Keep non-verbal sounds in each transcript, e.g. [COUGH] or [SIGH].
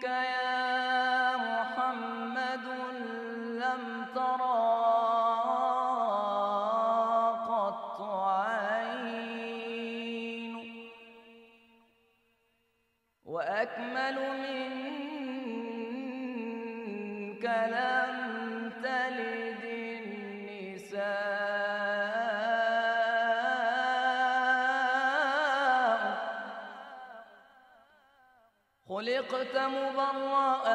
Gaya. مبرأة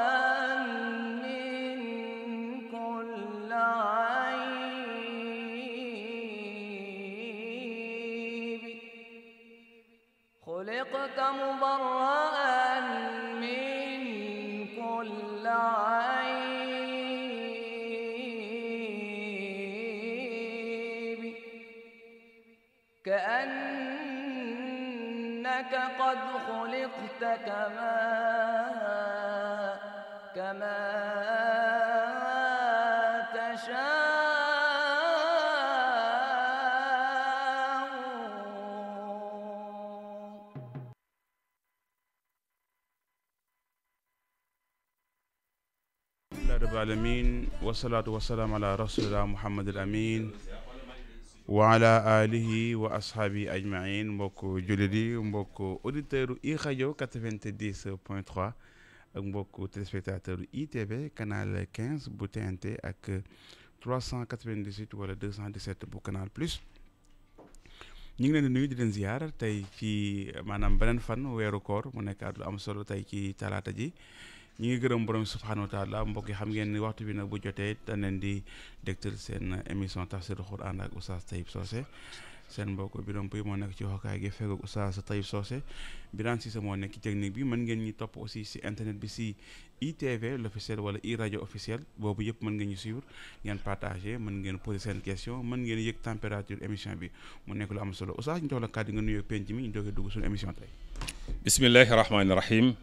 والصلاة والسلام على رسول الله محمد الأمين وعلى آله وأصحابه أجمعين مبوك جلدي مبوك أوديتر إخيو 90.3 مبوك تلسبيتاتر إي تي بي قناة 15 بوتين تي أك 398 ولا 217 بو قناة بلس ñing leen nuyu di leen ziar tay fi manam benen fan wéru koor mu nekk am solo tay ci talata ji ñi ngi gërëm borom subhaanahu wa taala mbokk yi xam ngeen waxtu bi nag bu jotee dañ leen di dégtal seen émission tafsiru Quran ak Oustaz Taib Socé seen mbokk bi doon puy moo nekk ci waxukaay gi fekk ak Oustaz Taib Socé Birane Cissé moo technique bi mën ngeen ñi topp aussi si internet bi si ITV l'officiel wala i rajo officiel boobu yëpp mën ngeen ñu suivre ngeen partagé mën ngeen poser seen question mën ngeen yëg température émission bi mu nekk lu am solo Oustaz ñu jox la kàddu nga nuyoo penc mi ñu doogee dugg suñu émission tey bismillahi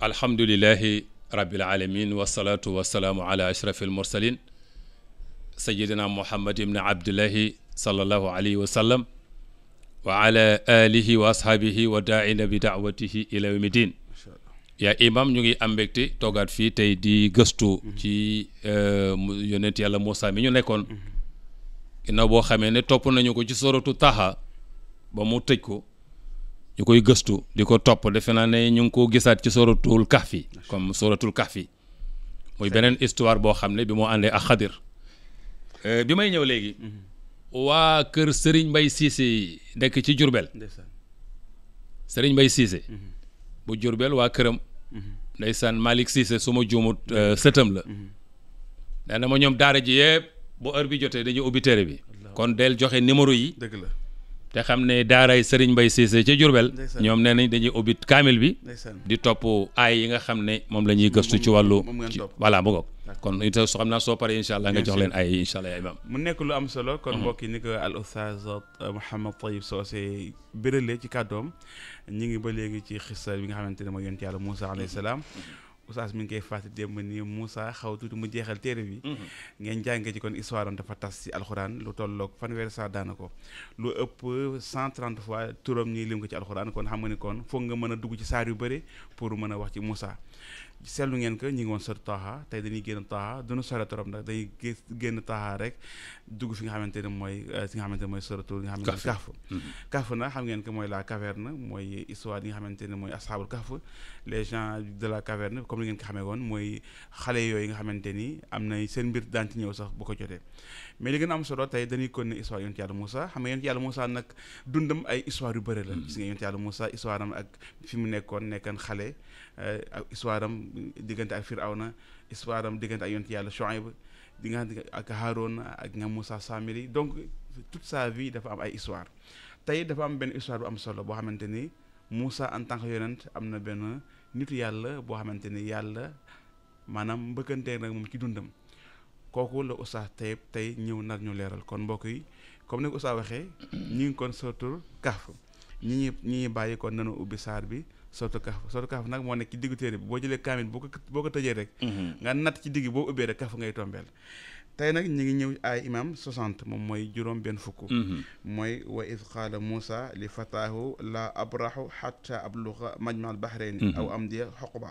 alhamdulilahi rabbil alamin wasalaatu wasalaamu ala ashrafil mursalin sayidina muhammad ibni abdillahi sallallahu alayhi wa sallam wa ala alihi wa ashaabihi wa daaina bi daawatihi ila yawmi din yaa imam ñu ngi am mbégte toogaat fii tey di gëstu ci yonent yàlla Moussa mi ñu nekkoon ginnaaw boo xamee ne topp nañu ko ci soratu Taha ba mu tëj ko ñu koy gëstu di ko topp defe naa ne ñu ngi ko gisaat ci suratul kahfi comme suratul fi muy beneen histoire boo xam ne bi moo àndee ak xadir euh, bi may ñëw léegi mm-hmm. waa kër Serigne mbay Cissé yi nekk ci Jurbel Serigne Mbaye Cissé mm-hmm. bu Jurbel waa këram mm-hmm. ndeysaan Malick Cissé su ma juumut euh, sëtam la daana ma ñoom daara ji yëpp bu heure bi jotee dañuy ubbi téere bi kon del joxe numéro yi la te xam ne daaray Serigne Mbaye Cissé ca Jurbel ñoom nee nañ dañuy ubbi kaamil bi di topp aay yi nga xam ne moom la ñuy gëstu ci wàllu voilà mu ngoog kon ita soo xam naa soo paree incha allah nga jox leen aay yi incha allah yaa mu nekk lu am solo kon mhm. mbokk yi ni ko al oustaz euh, Mouhamed Tayib Socé béralee ci kàddoom ñi ngi ba léegi ci xissa bi nga xamante ne mooy yonent yàlla Moussa alayhi salaam mhm. Oustaz mu ngi koy fàttali démb nii Moussa xaw tuuti mu jeexal téere bi. Mhm. ngeen jàngee ci kon histoire am dafa tas si alxuraan lu tolloog fanweeri saa daana ko lu ëpp cent trente fois turam ñuy lim ko ci alxuraan kon xam nga ni kon foog nga mën a dugg ci saar yu bëri pour mën a wax ci Moussa. seetlu ngeen que ñi ngi woon sori taaxa tey dañuy génn taaxa duñu sore torop ndax dañuy génn taaxa rek dugg fi nga xamante ne mooy euh, fi nga xamante ne mooy soratu nga xamante ne kaf kaf mm-hmm. nag xam ngeen que mooy la caverne mooy histoire yi nga xamante ne mooy asxaabul kaf les gens de la caverne comme ni ngeen ko xamee woon mooy xale yooyu nga xamante ni am na seen mbir daan ci ñëw sax bu ko jotee mais li gën a am solo tey dañuy continuer histoire yonent yàlla Moussa xam nga yonent yàlla Moussa nag dundam ay histoire yu bëri la mm-hmm. gis nga yonent yàlla Moussa histoire am ak fi mu nekkoon nekkan xale Eh, ak histoire am diggante ak Firawna aw na diggante ak yonent yàlla Shuaib di nga xam ak Haroun ak nga Moussa Samiri donc toute sa vie dafa am ay histoire tey dafa am benn histoire bu am solo boo xamante ni Moussa en tant que yonent am na benn nitu yàlla boo xamante ni yàlla maanaam mbëkkantee nag moom ci dundam kooku la Oustaz Taib tey ñëw nar ñu leeral kon mbokk yi comme ni ko waxee ñi ngi kon surtout Kahf ñi ñi ñi ñuy bàyyi kon nanu ubbi saar bi sootu soo sootu kaaf nag moo nekk ci diggu téere bi boo jëlee kaamil boo ko tëjee rek mhm. nga natt ci digg boo ubbee rek kaaf ngay tombeel tey nag ñu ngi ñëw ay imam 60 moom mooy juróom benn fukk mhm. mooy wa id qaala Muusa li fataahu la abrahu xata abluga majma al bahrayni mhm. aw amdiya xoquba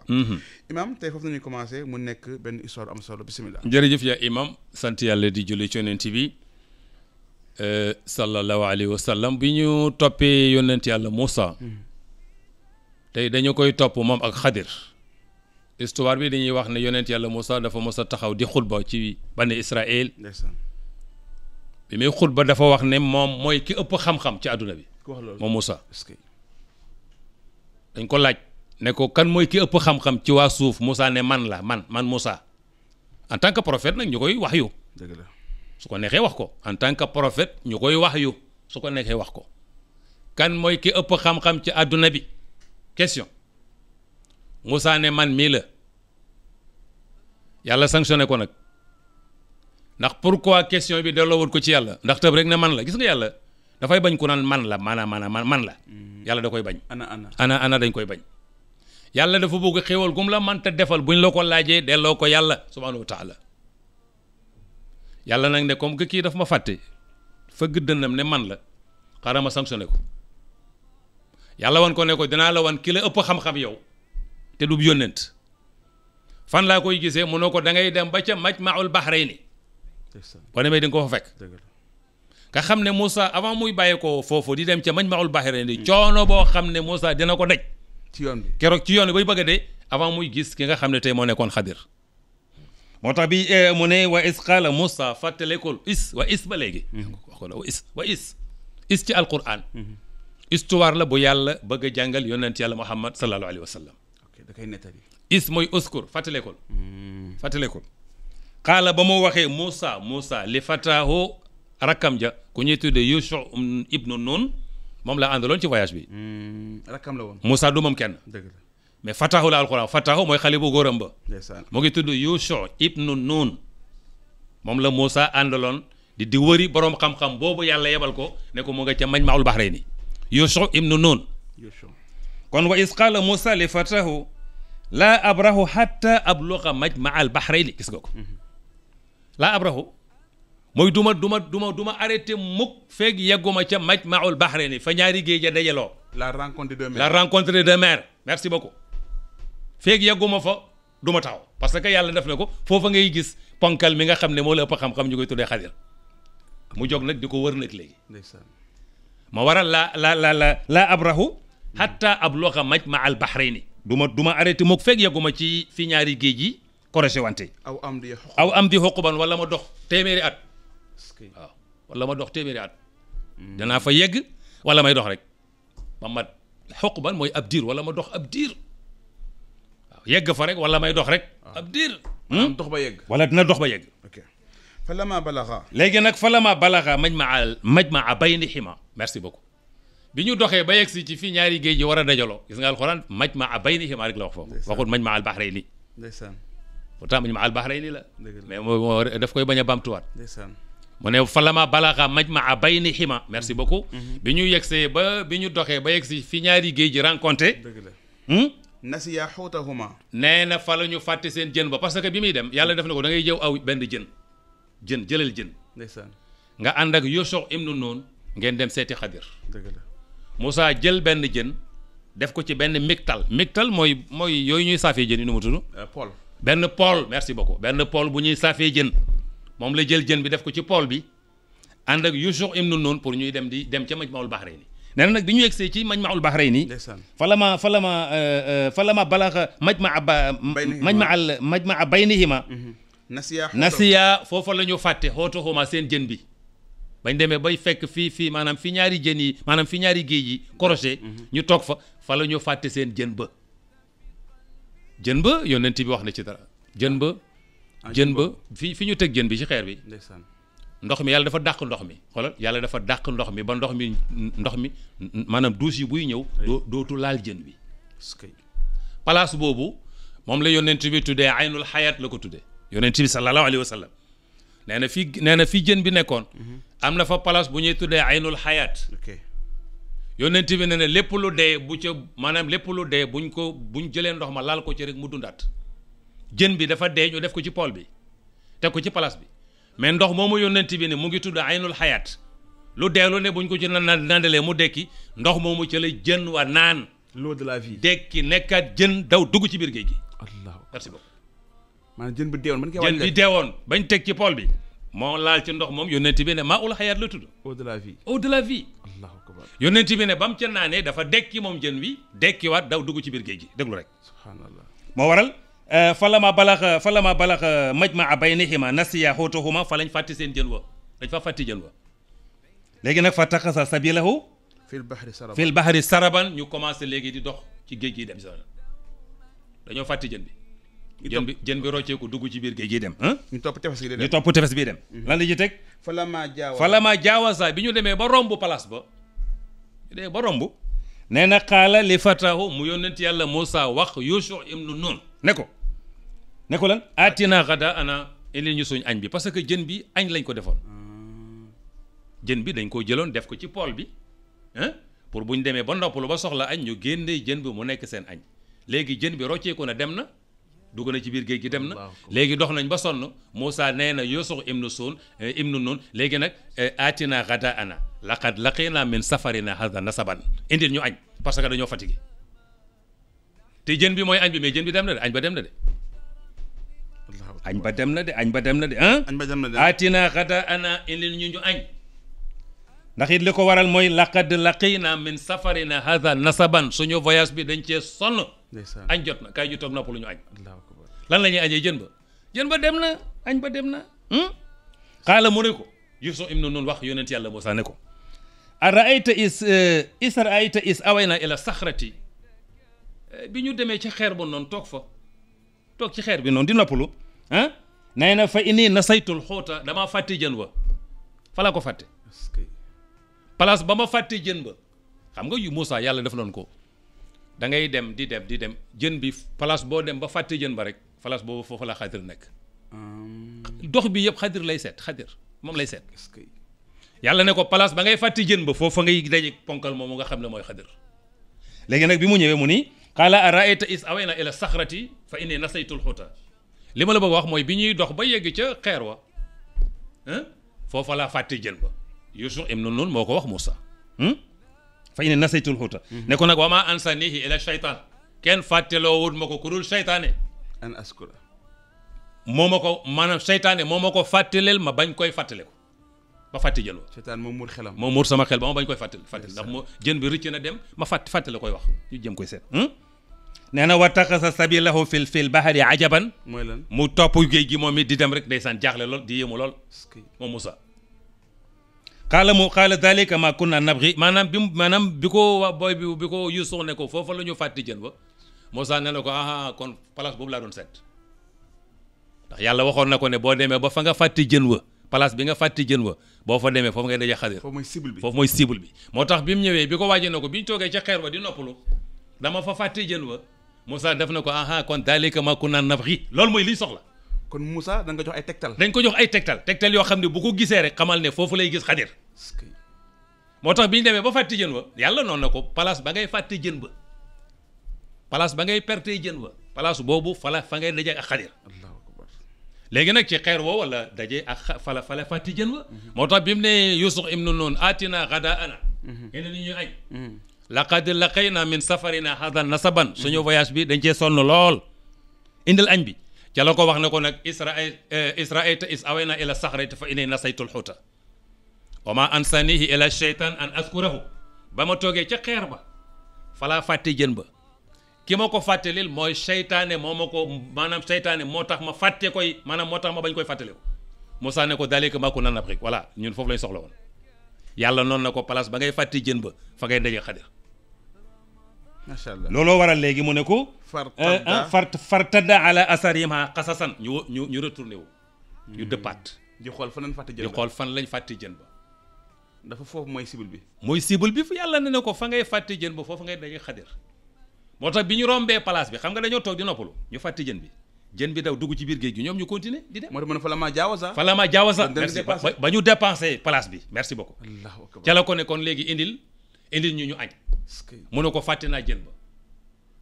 imam tey foofu nañu commencé mu nekk benn histoire am solo bisimilah jërëjëf yaa imam sant yàlla di julli ci yonent bi euh, sallallahu alayhi wa sallam bi ñu toppee yonent yàlla Muusa tey dañu koy topp moom ak xadir histoire bi dañuy wax ne yonent yàlla Moussa dafa mos a taxaw di xutba ci bani Israël bi muy xutba dafa wax ne moom mooy ki ëpp xam-xam ci àdduna bi moom Moussa dañ ko laaj ne ko kan mooy ki ëpp xam ci waa suuf Moussa ne man la man man Moussa en tant que prophète nag ñu koy wax yu dëgg la su ko neexee wax ko en tant que prophète ñu koy wax yu su ko neexee wax ko kan mooy ki ëpp xam-xam ci àdduna bi question Moussa ne man mii la yàlla sanctionné ko nak ndax pourquoi question bi delloo wut ko ci yalla ndax tëb rek ne man la gis nga da fay bañ ko nan man la mana mana man la hmm. yalla da koy bañ ana ana ana ana dañ koy bañ da fa bëgg xéwal gum la ta defal buñ la ko laajee delloo ko yalla subhanahu wa taala yalla nak ne comme que ki daf ma fàtte fëgg dënnam ne man la xaaral ma sanctionné ko yàlla wan ko ne ko dinaa la wan ki la ëpp xam-xam yow te du yónnent fan laa koy gisee mu ne ko da ngay dem ba ca majmaul bahrayni boo demee di nga ko fa fekk nga xam ne Moussa avant muy bàyyi ko foofu di dem ca majmaul bahrayni coono boo xam ne Moussa dina ko daj ci yoon bi keroog ci yoon bi bay bëgg a avant muy gis ki nga xam ne tey moo nekkoon xadir moo tax bi mu ne wa is qaala Moussa fàttalekul is wa is ba léegi ko la wa is wa is is ci alquran histoire la bu yàlla bëgg a jàngal yonent yàlla muhammad sallallahu alayhi wa da koy nettali is mooy uskur fàttalekol hmm. fàttalekol xaala ba mu waxee Moussa Moussa li fataahu rakkam ja ku ñuy tuddee Yusuf ibnu Nun moom la àndaloon ci voyage bi hmm, rakkam la woon Moussa du moom kenn dëgg la mais fataahu la alxuraan fataahu mooy xale bu góoram ba ngi tudd Yusuf ibnu Nun la Moussa àndaloon di di wëri boroom xam-xam boobu yàlla yebal ko ne ko mu nga ca mañ maawul nii يوشو ابن نون كون واذ قال موسى لفتاه لا ابره حتى ابلغ مجمع البحرين كيسكو لا ابره موي دوما دوما دوما دوما اريتي موك فيك يغوما تي مجمع البحرين فنياري جيجا ديالو لا رانكونتر دو مير لا رانكونتر دو مير ميرسي بوكو فيك يغوما فا دوما تاو باسكو يالا داف نكو فوفا غاي غيس بونكال ميغا خامني مولا با خام خام نيغي تودي خادير مو جوك نك ديكو ورنك لي ديسان ما وراء لا لا لا لا لا أبره حتى أبلغ ما مع البحريني دوما دوما أريتي مكفيك يا قومي في نياري جيجي كورشة وانتي أو أمدي حقوبا أو أمدي حقوبا ولا ما دخ تيميري أت آه، ولا ما دخ تيميري أت دنا فيج ولا ما يدخ رك ما حقوبا ما يبدير ولا ما دخ أبدير آه، يجي فرق ولا ما يدخ رك آه. أبدير ما دخ بيج ولا دنا دخ بيج فلما بلغا لكنك فلما بلغا مجمع مجمع بينهما merci beaucoup bi ñu doxee ba yegsi ci fii ñaari géej yi war a dajaloo gis nga alxuraan maj ma a bay ni ximaa rek la wax foofu waxul maj ma albaxray nii ndeysaan pourtant maj ma albaxray nii la mais moo daf koy bañ a bamtuwaat ndeysaan mu ne falama balaxa maj ma a bay ni xima merci beaucoup mhm. Mhm. bi ñu yegsee ba bi ñu doxee ba yegsi fi ñaari géej ji yaa hmm? nasiya xuutahuma nee na fa la ñu fàtte seen jën ba parce que bi muy dem yàlla def na ko dangay jëw aw benn jën jën jëlal jën ndeysaan nga ànd ak Yusuf ibnu Nun ngeen dem seeti xadir Moussa jël benn jën def ko ci benn miktal miktal mooy mooy yooyu ñuy saafee jën yi nu mu tudd euh, pool benn pool merci beaucoup benn pool bu ñuy saafee jën moom la jël jën bi def ko ci pool bi ànd ak Yusuf ibnu Nun pour ñuy dem di dem ca maj Majmaul Bahrayni nee na nag bi ñu yegsee ci baax Majmaul Bahrayni falama falama euh, euh, falama balaxa majmaa ba majma al maj ma majmaa baynihima mhm. nasiya foofa la ñu fàtte xootuxuma seen jën bi bañ demee bay fekk fii fii maanaam fi ñaari jën yi maanaam fi ñaari géej yi korosé mhm. ñu toog fa fa la fàtte seen jën ba jën ba yonent bi wax na ci dara jën ba ah, jën ba fi fi ñu teg jën bi ci xeer bi ndox mi yàlla dafa dàq ndox mi xoolal yàlla dafa dàq ndox mi ba ndox mi ndox mi maanaam duus yi buy ñëw doo dootu laal jën bi palaas boobu moom la yonent bi ay aynul xayaat la ko tuddee yonent bi sallallahu alayhi wa sallam nee na fi nee na fi jën bi nekkoon mhm. am na fa place bu ñuy tuddee aynul xayaat yonent bi na ne lépp lu dee bu ca maanaam lépp lu dee buñ ko buñ jëlee ndox ma laal ko ci rek mu dundaat jën bi dafa dee ñu def ko ci pool bi teg ko ci place bi mais ndox moomu yonent bi ne mu ngi tudd aynul xayaat lu dee lu ne buñ ko ci naan nandalee mu dekki ndox moomu ca la jën wa naan. l'eau de la vie. dekki nekkaat jën daw dugg ci biir géej gi. allah merci beaucoup. jën bi deewoon mën nga jën bi deewoon bañ teg ci pool bi. moo laal ci ndox moom yonent bi ne maa ul xayaat la tudd. eau de la vie eau de la vie. allahu akbar yonent bi ne ba mu ca naanee dafa dekki moom jën wi dekkiwaat daw dugg ci biir géej gi déglu rek. subhanallah moo waral. Eh, falama balax falama balax majmaa baynihima nasiya xóotahuma fa lañ fàtti seen jën wa dañ fa fàtti jën wa léegi nag fa taxasa sabilahu fil bahri saraban fil bahri saraban ñu commencé léegi di dox ci géej gi dem si dañoo fàtti jën bi. jën bi jën bi rocceeku dugg ci biir géej gi dem ñu topp tefes gi ñu topp tefes bii dem mhm. lan la ji teg falama jaawa falama jaawasa bi ñu demee ba romb place ba ñu ba romb nee na xaala li fatahu mu yónnent yàlla Moussa wax Yusuf ibnu Nun ne ko ne ko lan atina xada ana indi ñu suñ añ bi parce que jën bi añ lañ ko defoon ah. jën bi dañ koo jëloon def ko ci pool bi pour bu ñu demee ba noppalu ba soxla añ ñu génnee jën bi mu nekk seen añ léegi jën bi rocceeku na dem na dugg na ci biir géej gi dem na léegi dox nañ ba sonn Moussa nee na yusux ibnu suun eh, ibnu nun léegi nag eh, aatina gada ana laqad laqina min safarina hada nasaban indil ñu añ parce que dañoo fatigué te jën bi mooy añ jën bi dem na añ ba dem na ba dem na añ ba dem na de ah aatina gada ana indil it li ko waral mooy laqad laqina min safarina hada nasaban suñu voyage bi dañ cee sonn añ jot na kaay ju toog nopp lu ñu añ lan la ñuy añee jën ba jën ba dem na añ ba dem na xaala hmm? mu ne ko im ibnu Nun wax yonent yàlla Muusaa ne ko a raayta is eh, is raayta is away na ila saxrati eh, bi ñu demee ci xeer ba noonu toog fa toog ci xeer bi noonu di noppalu ah nee na fa inni na saytul xoota damaa fàtte jën ba falaa ko fàtte place ba ma fàtte jën ba xam nga yu Muusaa yàlla def loon ko da ngay dem di dem di dem jën bi place boo dem ba fàtte jën ba rek falaas boobu foofu la xadir nekk. dox bi yëpp xadir lay seet xadir moom lay seet. yàlla ne ko place ba ngay fàtti jën ba foofa ngay daje ponkal moomu nga xam ne mooy xadir léegi nag bi mu ñëwee mu ni qaala araayta is awayna ila saxrati fa inni nasaytul xuuta li ma la bëgg wax mooy bi ñuy dox ba yegg ca xeer wa foofa laa fàtti jën ba yusuf ibnu nun moo ko wax Moussa fa inni nasaytul xuuta ne ko nag wa ma ansanihi ila shaytaan kenn fàtteloo wut ma ko ku dul shaytaane an askura moo ma ko maanaam seytaane moo ma ko fàttaleel ma bañ koy fàttale ko ba fàtti jëloo seytaan moo muur xelam moo muur sama xel ba ma bañ koy fàttali fàttali ndax moo jën bi rëcc na dem ma fàtt fàttale koy wax ñu jëm koy seet nee na wa taxasa sabilahu fil fil bahari ajaban mooy lan mu topp géej gi moom it di dem rek ndeysaan jaaxle lool di yéemu lool moom Moussa xaala mu xaala dalika ma kunna nabgi maanaam bi maanaam bi ko booy bi bi ko Yuusuf ne ko foofa la ñu fàtti jën ba Moussa ne na ko ah, ah kon place boobu laa doon seet ndax yàlla waxoon na ko ne boo demee ba fa nga fàtte jën wa place bi nga fàtte jën wa boo fa demee foofu ngay daje xadir cible bi foofu mooy cible bi moo tax bi mu ñëwee bi ko waajee na ko bi ñu toogee ca xeer wa di fàtte jën wa Moussa def na ko aha ah, kon daalika maa kunnaa nabghi loolu mooy liy soxla kon Moussa da nga jox ay tegtal dañ ko jox ay tegtal tegtal yoo xam ne bu ko gisee rek xamal ne foofu lay gis xadir moo tax bi demee ba fàtte jën wa yàlla noon na ko place ba ngay fàtte jën ba place ba ngay perte jën wa place boobu fala fa ngay daje ak xadir léegi nag ci xeer woo wala daje ak fala fala fàtti jën wa moo tax bi mu ne yusuf ibnu nun atina gada ana indi mhm. ni ñuy añ mhm. laqad laqayna min safarina hadan nasaban suñu voyage bi dañ cee sonn lool indil añ bi ca ko wax na ko nag isra eh, israayta is awayna ila saxrayta fa inay nasaytul xuuta wa ma ansanihi ila sheytan an askurahu ba ma toogee ca xeer ba falaa fàtte jën ba ki ma ko fàttalil mooy seytaane moo ma ko maanaam seytaane moo tax ma fàtte koy maanaam moo tax ma bañ koy fàttaliku Moussa ne ko dalika maa kunna nabghi voilà ñun foofu lañ soxla woon yàlla noonu na ko place ba ngay fàtte jën ba fa ngay ndaje xadir macha allah looloo waral léegi mu ne ko fart eh, eh, fartada ala asarima xasasan ñu ñu ñu retourné wu ñu hmm. dëppaat di xool fan lañ fàtte jën ba di xool fan lañ fàtte jën ba dafa foofu mooy cible bi mooy cible bi fu yàlla ne ne ko fa ngay fàtte jën ba foofu ngay daje xadir moo tax bi ñu rombee place bi xam nga dañoo toog di noppalu ñu fàtte jën bi jën bi daw dugg ci biir géej gi ñoom ñu continuer di dem. moo tax ma ne Falama Diawasa. Falama Diawasa merci ba ñu ko ne kon léegi indil indil ñu ñu mu ne ko fàtte naa jën ba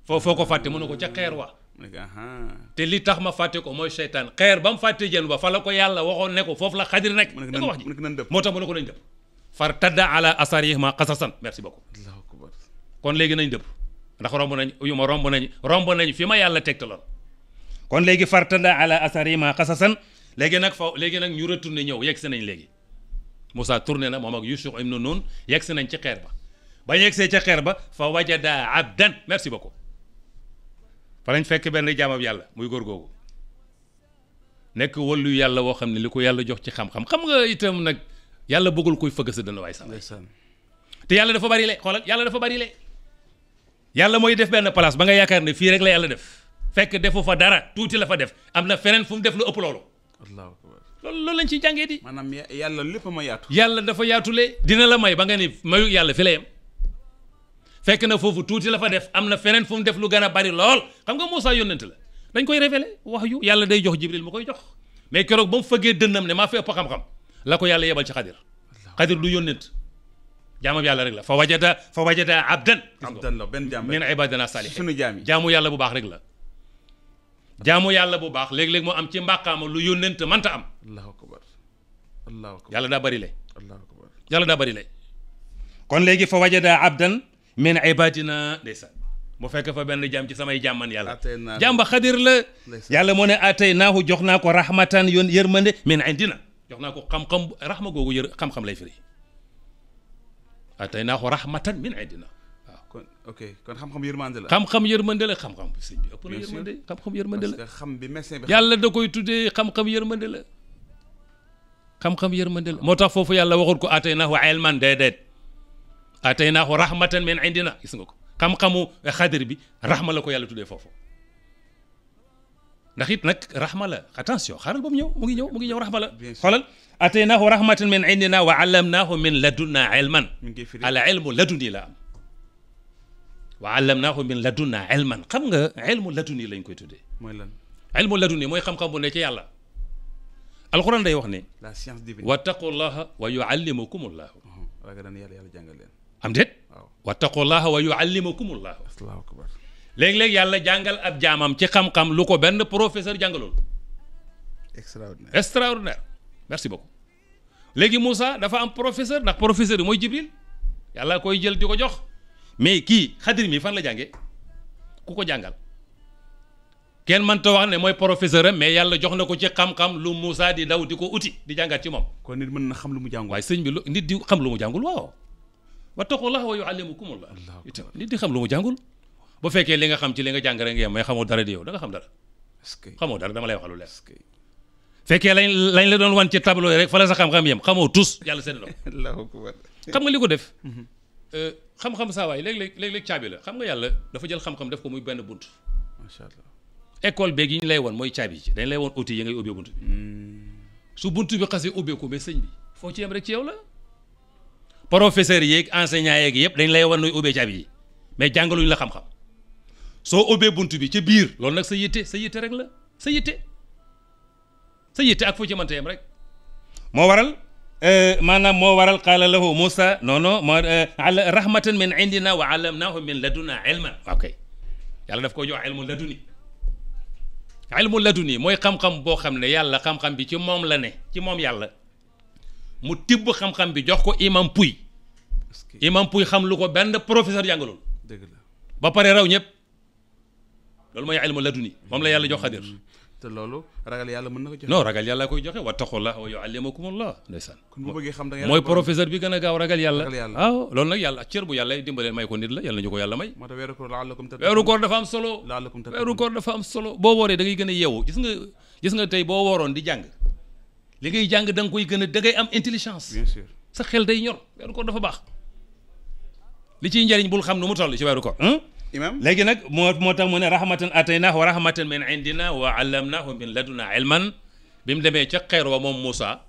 foo foo ko fàtte mu ne ko ca xeer wa te li tax ma fàtte ko mooy seytaan xeer ba mu fàtte jën ba fa la ko yàlla waxoon ne foofu la xadir nekk da ko wax ji moo tax ne ko nañ dëpp far tadda ala asarihima xasasan merci beaucoup kon léegi nañ dëpp ndax romb nañ yu ma romb nañ romb nañ fi ma yàlla tegtaloon kon léegi fartanda ala asari ma xasasan léegi nag faw léegi nag ñu retourné ñëw yegg si nañ léegi Moussa tourné na moom ak Yusuf Ibn Nun yegg si nañ ci xeer ba ba yegg see xeer ba fa wajada abdan merci beaucoup fa lañ fekk benn jaamab yàlla muy góor googu nekk wallu yàlla woo xam ne li ko yàlla jox ci xam-xam xam nga itam nag yàlla bëggul kuy fëgg sa dënn waay sama te yàlla dafa bari le xoolal yàlla dafa bari le yàlla mooy def benn place ba nga yaakaar ne fii rek la yàlla def fekk defu fa dara tuuti la fa def am na feneen fu mu def lu ëpp loolu. allahu akbar loolu loolu lañ ciy jàngee di. maanaam lépp ma yaatu. dafa yaatule dina la may ba nga ni mayu yàlla fi la yem fekk na foofu tuuti la def am na feneen fu mu def lu gën a bari lool xam nga Moussa yónnent la dañ koy révélé wax yu yàlla day jox Jibril mu koy jox mais keroog ba mu fëggee dënnam ne maa fi ëpp xam-xam la ko yàlla yebal ci xadir xadir du yónnent jaamu yàlla rek la fa wajada fa wajada abdan abdan la benn jaam min ibadana salihin sunu jaam yi jaamu yàlla bu baax rek la jaamu yàlla bu baax léeg-léeg moo am ci mbàqaama lu yónnent manta am allahu akbar allahu akbar yàlla daa bari le allahu akbar yàlla daa bëri kon léegi fa wajada abdan min ibadina ndeysaan mu fekk fa benn jaam ci samay jàmman yàlla jaam ba xadir la yàlla moo ne atay naahu jox naa ko rahmatan yoon yërmande min indina jox naa ko xam-xam rahma googu yër xam-xam lay firi ataynahu rahmatan min indina kon ok kon xam-xam yërmande la xam-xam yërmande la xam-xam sëñ bi ëpp na yërmande xam-xam yërmande la parce que xam bi médecin bi yàlla da koy tuddee xam-xam yërmande la xam-xam yërmande la moo tax yàlla waxul ko ataynahu ilman déedéet ataynahu rahmatan min indina gis nga ko xam-xamu xadir bi rahma la ko yàlla tuddee foofu ndax it nag rahma la attention xaaral ba mu ñëw mu ngi ñëw mu ngi ñëw rahma la xoolal ataynahu rahmatan min indina wa allamnahu min ladunna ilman al ilmu laduni la am wa allamnahu min ladunna ilman xam nga ilmu laduni lañ koy tuddee mooy lan ilmu laduni mooy xam-xam bu ne ci yàlla alquran day wax ne la science divine wattaqullaha wa yuallimukumullahu ragal na yàlla yàlla jàngal leen am déet wattaqullaha wa yuallimukumullahu allahu akbar léegi léeg yàlla jàngal ab jaamam ci xam-xam lu ko benn professeur jàngalool. extraordinaire extraordinaire merci beaucoup léegi Moussa dafa am professeur ndax professeur bi mooy Jibril yàlla koy jël di ko jox mais kii xaddir mii fan la jàngee ku ko jàngal kenn mënta wax ne mooy professeur am mais yàlla jox na ko ci xam-xam lu Moussa di daw di ko uti di jàngat ci moom. kon nit mën na xam lu mu jàngul. waaye sëñ bi lu nit di xam lu mu jàngul waaw wa taqullaha wa yuallimukumullah nit di xam lu mu jàngul. bu fekkee li nga xam ci li nga jàng rek nga yem mais xamoo dara di yow da nga xam dara xamoo dara dama lay wax lu fekkee lañ lañ la doon wan ci tableau rek fa la sa xam-xam yem xamoo tus yàlla seen doom [LAUGHS] xam nga li ko def mhm. euh, xam-xam saa léeg-léeg caabi la xam nga yàlla dafa jël xam-xam def ko muy benn bunt macha allah école beeg yi ñu lay woon mooy caabi ci dañ lay woon outil yi ngay ubbee bunt bi hmm. su bunt bi xasee ubbeeku mais sëñ bi foo ci yem rek ci yow la professeur yeeg enseignant yeeg yëpp dañ lay woon nuy ubbee caabi mais jàngaluñ la xam so obé buntu bi ci bir lool nak sa yitte sa yitte rek la sa yitte sa yitte ak fo ci mantayam rek mo waral euh manam mo waral qala lahu musa non non ma rahmatan min indina wa alamnahu min laduna ilma ok yàlla daf ko jox ilmu laduni ilmu laduni moy xam-xam bo xamné yàlla xam-xam bi ci mom la ne ci mom yàlla mu tib xam-xam bi jox ko imam puy imam puy xam lu ko benn professeur jàngalul ba pare raw ñëpp loolu mooy ilmu laduni moom la yàlla jox xadir te loolu ragal yàlla mën na ko joxe non ragal yàlla koy joxe wattaqullah wa yuallimakumullah ndeysaan kon bu bëggee xam da nga mooy professeur bi gën a gaaw ragal yàlla waaw loolu nag yàlla cër bu yàlla dimbalee may ko nit la yàlla ñu ko yàlla may moo tax weeru koor laallakum tattaqun weeru koor dafa am solo laallakum tattaqun weeru koor dafa am solo boo wooree da ngay gën a yeewu gis nga gis nga tey boo wooroon di jàng li ngay jàng da nga koy gën a da ngay am intelligence bien sûr sa xel day ñor weeru koor dafa baax li ciy njëriñ bul xam nu mu toll ci weeru koor imam léegi nag moo moo tax mu ne rahmatan ataynaahu wa rahmatan min indina wa allamnaahu min laduna ilman bi mu demee ca xeer wa moom Moussa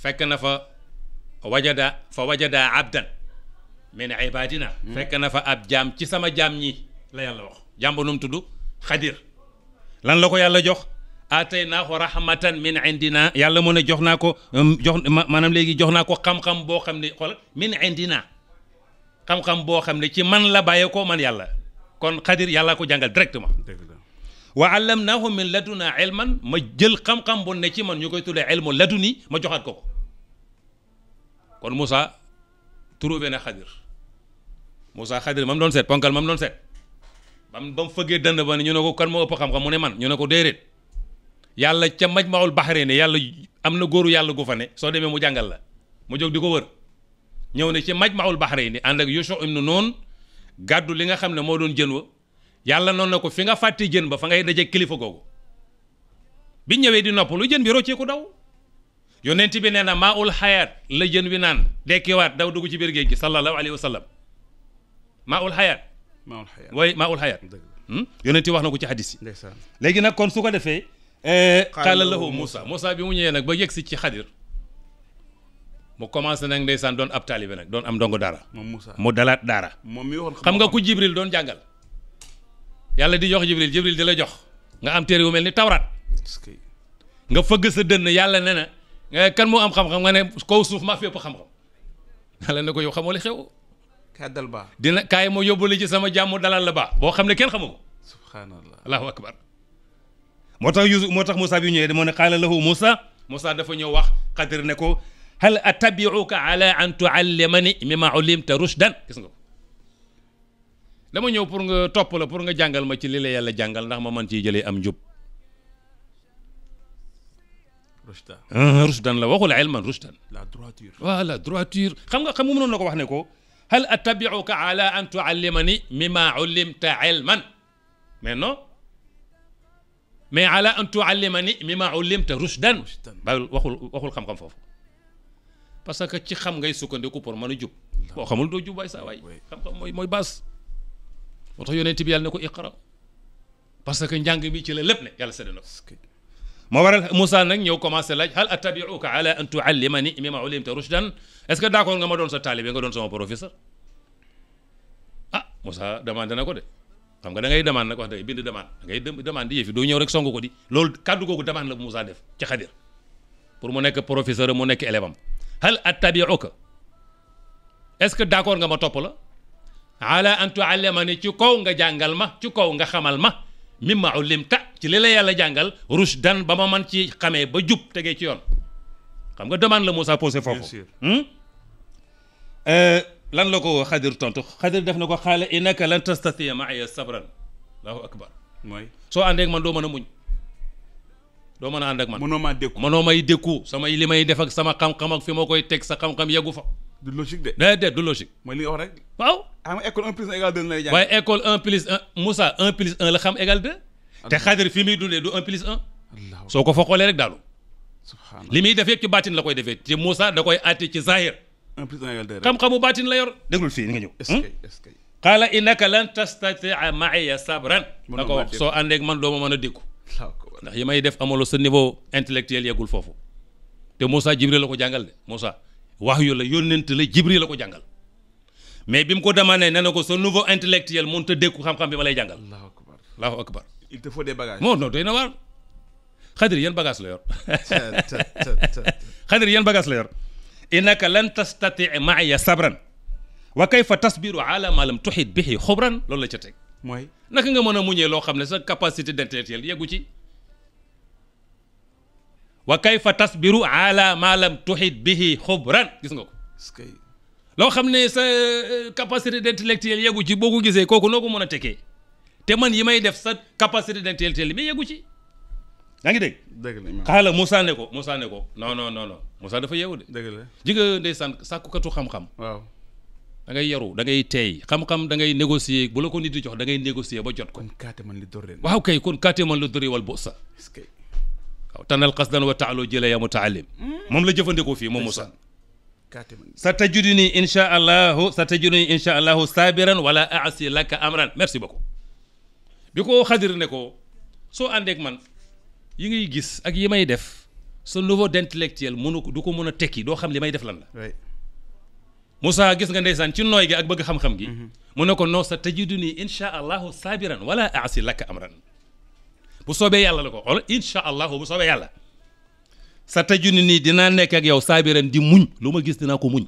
fekk na fa wajada fa wajada abdan min ibadina fekk na fa ab jaam ci sama jaam ñi la yàlla wax jàmb nu mu tudd xadir lan la ko yàlla jox ataynaahu rahmatan min indina yàlla mu ne jox naa ko jox maanaam léegi jox naa ko xam-xam boo xam ne xool min indina xam-xam boo xam ne ci man la bàyyee ko man yàlla kon xadir yàllaa ko jàngal directement wa allamnaahu min laduna ilman ma jël xam-xam bu ne ci man ñu koy tuddee ilmu nii ma joxaat ko ko kon Moussa trouvé na xadir Moussa xadir mam doon seet ponkal mam doon seet bam ba mu fëggee dënd ba ne ñu ne ko kan moo ëpp xam-xam mu ne man ñu ne ko déedéet yàlla ca majmaul baxre ne yàlla am na góoru yàlla gu fa ne soo demee mu jàngal la mu jóg di ko wër ñewne ci majmaul bahrayni ànd ak Yusuf ibn Nun gàddu li nga xamne mo doon jeen wa yàlla non nako fi nga fàtte jeen ba fa ngay dajje kilifa gogo bi ñewé di nopp lu jeen bi roccee ku daw yonent bi neena ma'ul hayat la jeen wi nan deki wat daw dugg ci biir géej gi sallallahu alayhi wasallam ma'ul hayat ma'ul hayat way ma'ul hayat xayaat yonent wax nako ci hadith yi ndeysan legi nak kon su ko eh qala lahu musa musa bi mu ñewé nak ba yeksi ci khadir mu commencé nag ndeysaan doon ab taalibe nag doon am ndongo daara mu dalaat daara xam nga ku jibril doon jàngal yàlla di jox jibril jibril di la jox nga am téere wu mel ni tawraat nga fëgg sa dënn yàlla ne na kan moo am xam ne kaw suuf maa fépp xam-xam yàlla ne ko yow xamoo li xew kaddal ba dina kaay ma yóbbu la ci sama jàmm dalal la ba boo xam ne kenn xamu ko subhanallah allahu akbar moo tax Yuusuf moo tax Moussa bi ñëwee moo ne xaala lahu Moussa Moussa dafa ñëw wax xadir ne ko hal attabiuka ala an tuallimani mimma ullimta rushdan gis nga ko dama ñëw pour nga topp la pour nga jàngal ma ci li la yàlla jàngal ndax ma mën ciy jëlee am njub rushdan rushdan la waxul ilman rushdan la droiture waaw la droiture xam nga xam mu mënoon na ko wax ne ko hal attabiuka ala an tuallimani mimma ullimta ilman mais non mais ala an tuallimani mimma ullimta rushdan ba waxul waxul xam-xam foofu parce que ci xam ngay sukkandiku pour mën a jub boo xamul do jub waay saa waay xam-xam moy moy bas moo yonenti bi yalla ne ko iqra parce que njang mi ci le lepp ne yalla waral musa nak ñew commencé laj hal attabiuka ala an tuallimani mimma 'allimta rushdan est-ce que d'accord nga ma don sa taalibe nga don sama professeur ah Musa, demandé nako de xam nga da ngay demande nag wax dëgg bind demande ngay demande yefi do ñew rek songu ko di lol kaddu demande la musa def ci khadir pour mu nek professeur mu nek élève hal attabiuka est-ce que d'accord nga ma topp la ala an tuallimani ci kaw nga jàngal ma ci kaw nga xamal ma mimma ullimta ci li la yàlla jàngal rushdan ba ma man ci xamee ba jub tegee ci yoon xam nga demande la Moussa posé foofu hmm? euh, lan la ko xadir tontu xadir def na ko xaala innaka lan tastatia maaya sabran soo àndeek man doo mën a muñ doo mën a ànd ak man mënoo maa dékku mënoo may dékku samay li may sama xam-xam fi ma koy teg sa xam-xam yeggu fa du logique de déedéet du logique mooy li nga wax rek waaw xam nga école un plus un égal deux lay jàng waaye école un plus un la xam égal deux te xadir fi muy dundee du un plus un soo ko fa xoolee rek daalu li muy def yëpp ci baatin la koy defee ci Moussa da koy àtte ci zahir un plus un égal deux xam-xamu baatin la yor déglul fii ni nga ñëw hmm? est-ce que qaala innaka lan tastatia maaya sabran da ko wax soo àndeeg man doo ma a ndax yi may def amalo sa niveau intellectuel yeggul foofu te Moussa Jibril la ko jàngal de Moussa wax yu la yónnent la Jibril la ko jàngal mais bi mu ko demandé ne na ko sa niveau intellectuel mënut a dékku xam-xam bi ma lay jàngal. allahu akbar allahu akbar. il te faut des bagages. non non doy la yor. xadir yan bagage la yor. innaka lan tastati maaya sabran wa kayfa tasbiru ala ma lam tuhit xubran loolu la ca teg. mooy naka nga mën a muñee loo xam ne sa capacité d'intellectuel yeggu ci. wa kayfa tasbiru ala ma lam tuhit bihi xubran gis nga ko loo xam ne sa euh, capacité d'intellectuel yeggu ci boo ko gisee kooku noo ko mën a tekkee te man yi may def sa de capacité d'intellectuel mais yeggu ci yaa ngi dégg. dëgg la xaala Moussa ne ko Moussa ne ko non no no Moussa dafa yeewu de. dëgg la jigéen ndeysaan sàkkukatu xam-xam. waaw da ngay yaru da ngay teey xam-xam da ngay négocier bu la ko nit di jox da ngay négocier ba jot kon kaate man li dor waaw kay kon kaate man li dor wal boosa. waaw tanal qasdan wa taaloo jële ya mutaallim moom la jëfandikoo fii moom Moussa sa tajuduni insha allahu sa tajuduni insha allahu sabiran wala aasi laka amran merci beaucoup bi ko xadir ne ko soo àndeek man yi ngay gis ak yi may def sa niveau d'intellectuel mënu du ko mën a tekki doo xam li may def lan la Moussa gis nga ndeysaan ci nooy gi ak bëgg xam-xam gi mu ne ko non sa tajuduni insha allahu sabiran wala aasi laka amran bu soobee yàlla la ko xool allah allahu bu soobee yàlla sa tajuni nii dinaa nekk ak yow saabiran di muñ lu ma gis dinaa ko muñ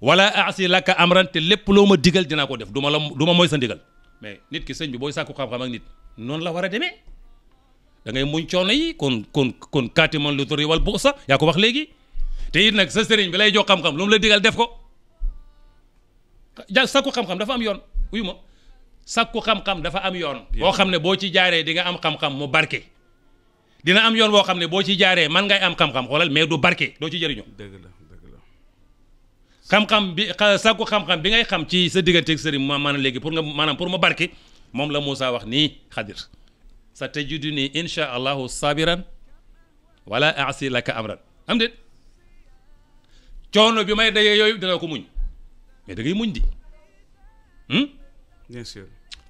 walla aasi lakka amran te lépp loo ma digal dinaa ko def du ma la du ma mooy sa ndigal mais nit ki sëñ bi booy sàkku xam-xam ak nit noonu la war a demee da ngay muñ coono yi kon kon kon man lu dori wal bu sa yaa ko wax léegi te it nag sa sëriñ bi lay jox xam-xam lu mu la digal def ko ja sàkku xam-xam dafa am yoon uyu ma sakku xam-xam dafa am yoon boo xam ne boo ci jaaree di nga am xam-xam mu barke dina am yoon boo xam ne boo ci jaaree man ngay am xam-xam xoolal mais du barke doo ci jëriñu dëgg la dëgg la bi sakku xam bi ngay xam ci sa diggante ak sëriñ ma maanaam léegi pour nga maanaam pour mu barke moom la Moussa wax nii xadir sa tajidu nii insha allahu sabiran wala asi laka amran am déet coono bi may dayee yooyu dina ko muñ mais da ngay muñ di hmm?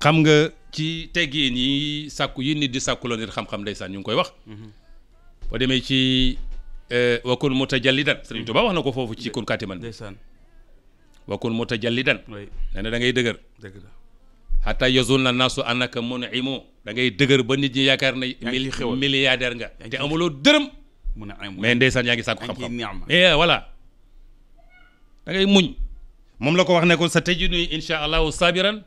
xam nga ci teggiin yi sàkku yi nit di sàkkuloo nit xam-xam ndeysaan ñu ngi koy wax mm-hmm. boo demee ci wa kon eh, wakun mutajallidan Sëriñ mm-hmm. Tuubaa wax na ko foofu ci kun katiman ndeysaan wakun mutajallidan nee na da ngay dëgër xataa yazun na naasu annaka mun'imu da ngay dëgër ba nit ñi yaakaar na milliardaire nga te amuloo dërëm mais ndeysaan yaa ngi sàkku xam-xam mais eh, voilà da ngay muñ moom la ko wax ne ko sa tëjinu insha allahu sabiran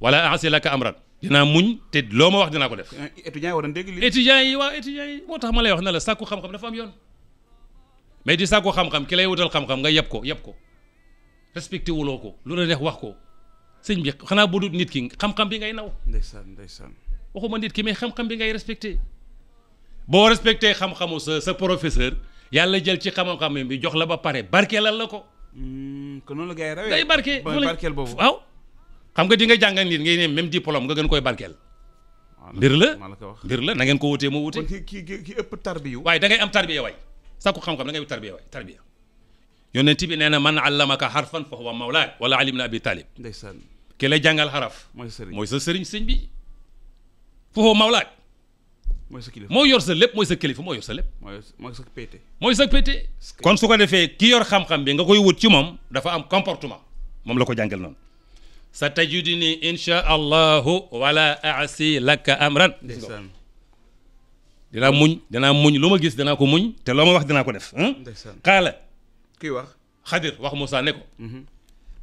wala ansi laka amran dinaa muñ te loo ma wax dinaa ko def. étudiants yi war na dégg lii étudiants yi waaw étudiants yi moo tax ma la wax ne la sàkku xam-xam dafa am yoon mais di sàkku xam-xam ki lay wutal xam-xam nga yeb ko yeb ko respecté wuloo ko lu la neex wax ko sëñ bi xanaa budut nit ki xam-xam bi ngay naw. ndeysaan ndeysaan waxuma nit ki may xam-xam bi ngay respecté boo respecté xam-xamu sa sa professeur yàlla jël ci xam-xam bi jox la ba pare barkeelal la ko. Hmm, noonu la gars yi rawee day barke. boobu waaw. xam nga di nga jàngal nit ngay ne même diplôme nga gën koy barkeel. mbir la mbir la na ngeen ko wutee moo wutee. kon ki ki ëpp tarbiyu. waaye da am tarbiya waay sakku xam-xam da ngay tarbiya waay tarbiya. yonent bi nee na man allamaka harfan fa huwa mawlaak wala alim na abi talib. ndeysaan ki lay jàngal xaraf. mooy sëriñ mooy sa sëriñ sëñ bi. fa huwa mooy sa kilifa mooy yor sa lépp mooy sa kilifa moo sa lépp. mooy sa pété. mooy sa pété. kon su ko defee ki yor xam-xam bi nga koy wut ci moom dafa am comportement moom la ko jàngal noonu. ستجدني إن شاء الله ولا أعصي لك أمرا دينا مون دينا مون لوما غيس دينا كو مون تي لوما واخ دينا كو ديف قال كي واخ خضر واخ موسى نيكو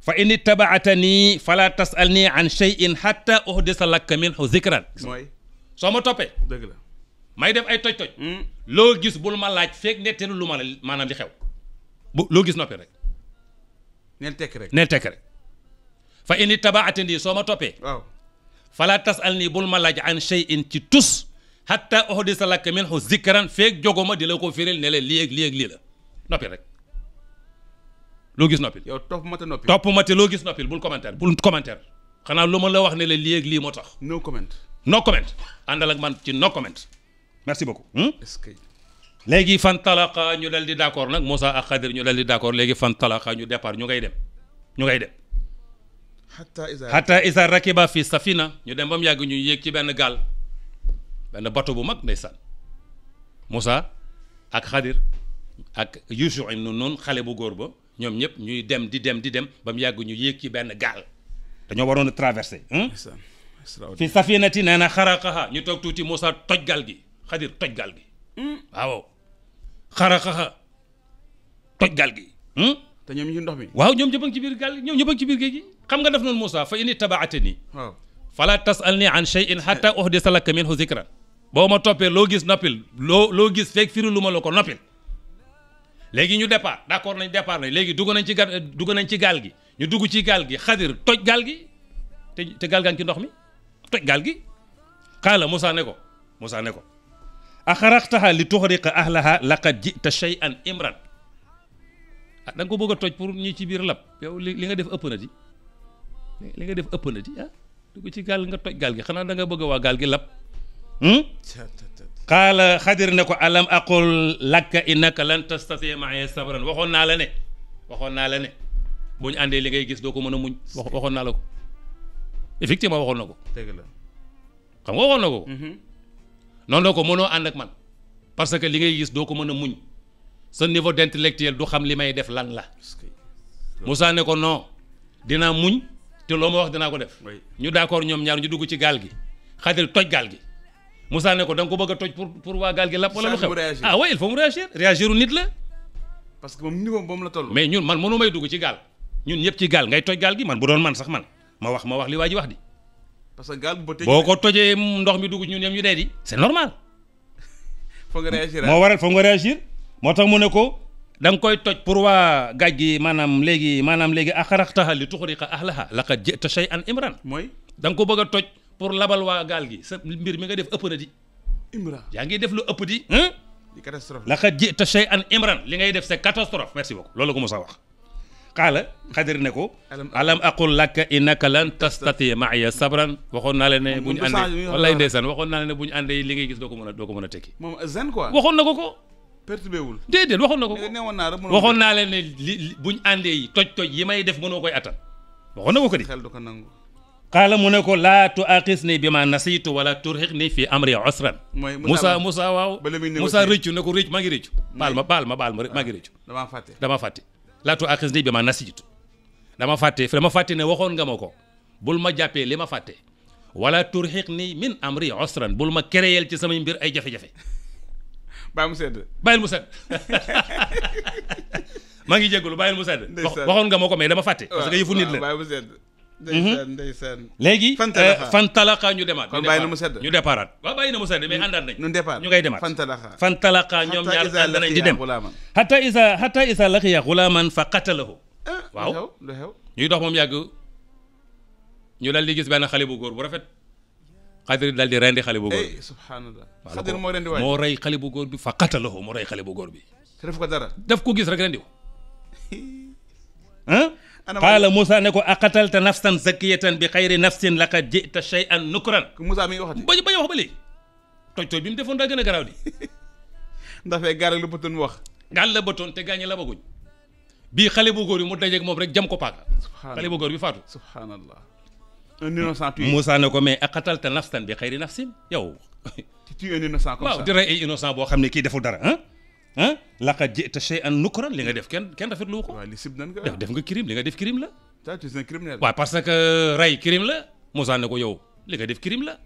فإن تبعتني فلا تسألني عن شيء حتى أحدث لك منه ذكرا موي سوما توبي دغ لا ماي ديف اي توج توج لو غيس بول ما لاج فيك نيتلو لوما مانام لي خيو لو غيس نوبي رك نيل رك نيل رك fa ini tabaatani soo ma toppee. waaw fala tas al nii bul ma laaj an shay in ci tus hatta uhdisa laka minhu zikran feeg jogo ma di la ko firil ne la lii ak lii ak lii la noppi rek loo gis noppil. yow topp ma te noppil topp ma te loo gis noppil bul commentaire bul commentaire xanaa lu ma la wax ne la lii ak lii moo tax. no comment no comment àndal ak man ci no comment merci beaucoup. est-ce que. léegi fan talaqa ñu dal di d'accord nag Moussa ak Khadir ñu dal di d'accord léegi fan talaqa ñu départ ñu ngay dem ñu ngay dem. xatta isa rakiba fi safina ñu dem ba mu yàgg ñu yéeg ci benn gaal benn bato bu mag ndeysaan musa ak Xadir ak Yuusuf ibn Nun xale bu góor ba ñoom ñëpp ñuy dem di dem di dem ba mu yàgg ñu yéeg ci benn gaal dañoo waroon a traversé fi safinati nee na xaraqaha ñu toog tuuti Moussa toj gaal gi Xadir toj gaal gi hmm. waaw xaraqaha toj gaal gi hmm? te ñoom ñu ndox mi waaw ñoom ñëpp a ngi ci biir gaal gi ñoom ñëpp a ci biir géej gi xam nga def noonu Moussa fa ini tabaate nii fala tasal nii an shay'in hatta uhdisa laka minhu zikran boo ma toppee loo gis noppil loo gis fekk firi lu ma la ko noppil léegi ñu départ d'accord nañ départ nañ léegi dugg nañ ci ga dugg nañ ci gaal gi ñu dugg ci gaal gi xadir toj gaal gi te te gaal gaa ci ndox mi toj gaal gi qaala Moussa ne ko Moussa ne ko axaraqtaha li tuxriqa ahlaha laqad jita shay'an imran ah da nga ko bëgg a toj pour ñii ci biir lab yow li li nga def ëpp li nga def ëpp na ci ah dugg ci gaal nga toj gaal gi xanaa da nga bëgg waa gaal gi lab xaala hmm? [LAUGHS] xadir ne ko alam aqul lakka innaka lan tastati maaya sabran waxoon naa la ne waxoon naa la ne boo ñu àndee li ngay gis doo ko mën a muñ waxoon naa la ko effectivement waxoon ko dëgg la nga waxoon na ko mm-hmm. noonu la ko mënoo ànd ak man parce que li ngay gis doo ko mën a muñ sa niveau d'intellectuel du xam li may def lan la Moussa ne ko non dinaa muñ te loo ma wax dinaa ko def. ñu d'accord ñoom ñaar ñu dugg ci gaal gi. Xadir toj gaal gi Moussa ne ko da ko bëgg a toj pour pour waa gaal gi lapp wala lu xew ah oui il faut mu la. parce mais ñun man mënu may dugg ci gaal ñun ñëpp ci gaal ngay toj gi man bu doon man sax man wax ma wax li waa ji parce que gaal bu boo ko tojee ndox mi dugg ci ñun ñoom ñu dee di. c'est normal. [LAUGHS] foog moo foog nga réagir moo tax mu ne ko. da nga koy toj pour waa gaaj gi maanaam léegi maanaam léegi axaraxtaha li tuxriqa ahlaha laqad jita shay an imran mooy da nga ko bëgg a toj pour labal waa gaal gi sa mbir mi nga def ëpp na di yaa ngi def lu ëpp di di catastrophe laqad jita shay an imran li ngay def c'est catastrophe merci beaucoup loolu la ko Moussa wax qaala xadir ne ko alam aqul laka innaka lan tastati maaya sabran waxoon naa leen ne bu ñu àndee wallaay naa ne bu ñu li ngay gis doo ko mën a doo ko mën a tekki moom zen waxoon na ko ko perturbé wul déedéet waxoon na ko waxoon naa leen ne li buñ àndee yi toj toj yi may def mënoo koy attan waxoon na ko ko di xel du ko nangu xaala mu ne ko laa tuaqis ni bi ma nasiitu wala turxiq ni fii amri osran Moussa Moussa waaw Moussa rëccu ne ko rëcc maa ngi rëccu baal ma baal ma baal ma maa ngi ah, rëccu damaa fàtte damaa fàtte laa tuaqis ni bi ma nasiitu dama fàtte ma fàtte ne waxoon nga ma ko bul ma jàppee li ma fàtte wala turxiq ni min amri osran bul ma kéréyel ci sama mbir ay jafe-jafe bàyyi mu sedd bàyyil mu sedd [LAUGHS] maa ngi jégalu bàyyil mu sedd waxoon nga moo ko mais dama fàtte parce que yëfu nit la bàyyi mu sedd mhm. euh, ñu demaat kon bàyyi na mu sedd ñu déparaat waaw bàyyi na mu sedd mais àndaat nañ ñu départ ñu ngay demaat fantalaqa fantalaqa ñoom ñaar ànd nañ di dem hatta isa hatta isa laqiya xulaaman fa qatalahu eh, waaw ñuy dox moom yàgg ñu daal di gis benn xale bu góor bu rafet خادر دال دي راندي خالي بوغور إيه، سبحان الله خادر مو راندي واي مو راي خالي بوغور بي فقتله مو راي خالي بوغور بي كرف كو دارا داف كو غيس رك راندي ها [LAUGHS] أه؟ قال موسى نكو اقتلت نفسا زكيه بخير نفس لقد جئت شيئا نكرا موسى مي وخاتي باجي باجي وخ بلي توج توج بيم ديفون دا غنا غراو دي ندافع غار لو بوتون وخ غال لا لا بوغوج بي خالي بوغور مو داجيك موم رك جام كو باغ بي فاتو سبحان الله un innocent tué Moussa ne ko mais aqatalta nafsan bi xayri nafsin yow. tu tues un innocent comme ça waaw di rey ay innocent boo xam ne kii deful dara ah. ah laqad ji'ta shay'an nukran li nga def kenn kenn rafetlu ko. waaw li sib nan nga def nga crime li nga def crime la. ça c'est un criminel. waaw parce que rey crime la Moussa ne ko yow li nga def crime la.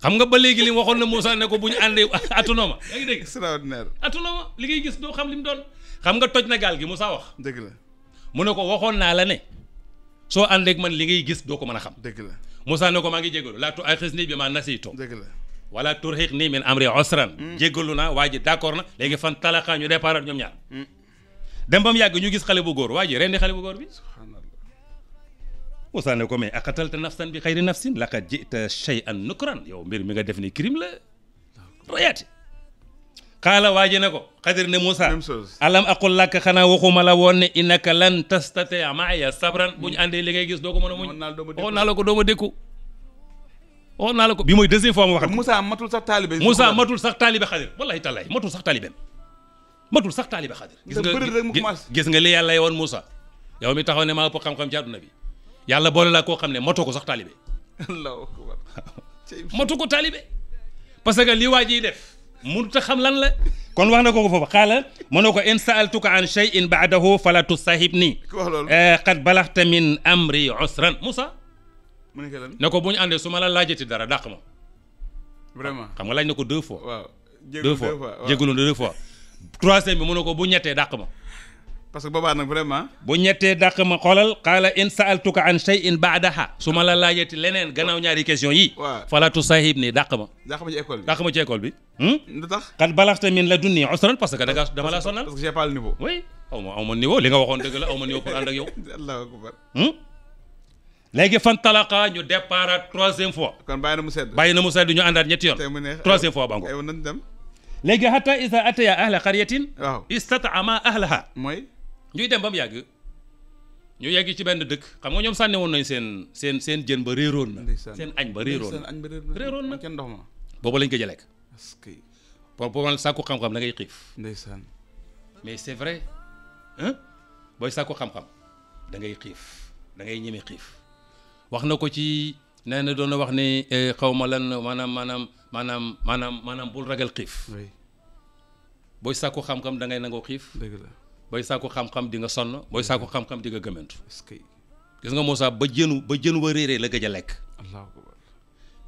xam nga ba léegi li mu waxoon na Moussa ne ko bu ñu àndee atunoma yaa ngi dégg. extraordinaire atunoma li ngay gis doo xam li mu doon. xam nga toj na gaal gi Moussa wax. dëgg la mu ne ko waxoon naa la ne. soo àndeek man li ngay gis doo ko mën a xam. dëgg la Moussa ne ko maa ngi jégalu laa tu'aaxidhnii bimaa nasiitu. dëgg la wala turhiqnii min amrii usran. Hmm. jégalu naa waa ji d' na léegi fan talaqa ñu départ ñoom ñaar. Hmm. dem ba yàgg ñu gis xale bu góor waa ji rendi xale bu góor bi. Moussa ne ko mais aqatalta nafsan bi xayri nafsin laqad ji'ta shay'an nukran yow mbir mi nga def ni kirim la rayaati. قال واجنكو قدر نموسى ألم أقول لك خنا وخو ملا إنك لن تستطيع معي صبرا بني عندي لغي جيس دوكو منو مني هو نالوكو دومو ديكو هو نالوكو بي موي دزين فوام واحد موسى ماتول ساق طالب موسى ماتول ساق طالب خدر والله تالله ماتول ساق طالب ماتول ساق طالب خدر جيس نغي لي يالله يوان موسى يومي تخو نما أبو خم خم جاد نبي يالله بولي لكو خم نمو توكو ساق طالب الله أكبر ماتوكو طالب Parce que li waji مونتا خام لان لا كون واخنا كوكو فوفا خالا مونوكو كو ان سالتك عن شيء بعده فلا تصاحبني آه قد بلغت من امري عسرا موسى نكو بوني اندي سوما لا لاجيتي دارا داخما فريمون خام لاج نكو دو فوا دو فوا جيغولو دو فوا تروازيم مونوكو بو نياتي داخما parce que boba nak vraiment. bu ñetté dakk ma xolal qala in saaltuka an shay'in ba'daha suma la laajati leneen gannaaw ñaari question yi fala tu sahib nii dàq ma. dakk ma ci école dakk ma ci école bi. lu tax xat balaxta min la dunni usran parce que da nga dama la sonal. parce que j'ai pas le niveau. oui aw ma aw ma niveau li nga waxon deug la aw ma niveau pour ànd ak yow. allahu akbar. hmm léegi fan talaqa ñu départ troisième fois. kon bayina mu sedd. bayina mu sedd ñu andat ñetti yoon. tey mu troisième fois bango. aywa nañ dem. léegi hatta isa ataya ahla qaryatin. waaw istatama ahlaha mooy ñuy dem ba mu yàgg ñu yegg ci benn dëkk xam nga ñoom sànni woon nañ seen seen seen jën ba réeroon na seen añ ba réeroon na réeroon na kenn dox ma booba lañ ko jëlekk pour pour man sàkku xam-xam da ngay xiif ndeysaan mais c'est vrai hein booy sàkku da ngay xiif da ngay ñeme xiif wax na ko ci nee na doon na wax ni eh, xaw ma lan maanaam maanaam maanaam maanaam maanaam bul ragal xiif booy sàkku xam-xam da ngay nangoo xiif booy sàkku xam-xam di nga sonn booy sàkku xam-xam di nga gëmantu gis nga Moussa ba jënu ba jën wa réeree la gëj a lekk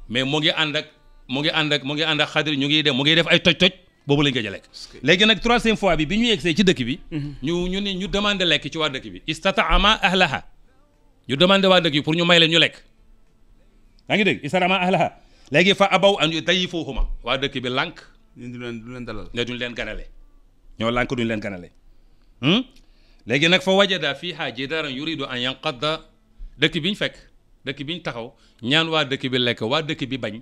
mais mu ngi ànd ak mu ngi ànd ak mu ngi ànd ak xadir ñu ngi dem mu ngi def ay toj-toj boobu lañ gëj a lekk léegi nag troisième fois bi bi ñu yegsee ci dëkk bi mhm. ñu ñu ni ñu demandé lekk ci waa dëkk bi istataama ahlaha ñu demandé waa dëkk bi pour ñu may leen ñu lekk yaa ngi dégg istataama ahlaha léegi fa abaw an yudayifuhuma waa dëkk bi lànk ne du leen dalal ne leen ganale ñoo lànk duñ leen ganale Hmm? léegi nag fa wajada fiihaa jidaaran yuridu an da dëkk bi ñu fekk dëkk bi ñu taxaw ñaan waa dëkk bi lekk waa dëkk bi bañ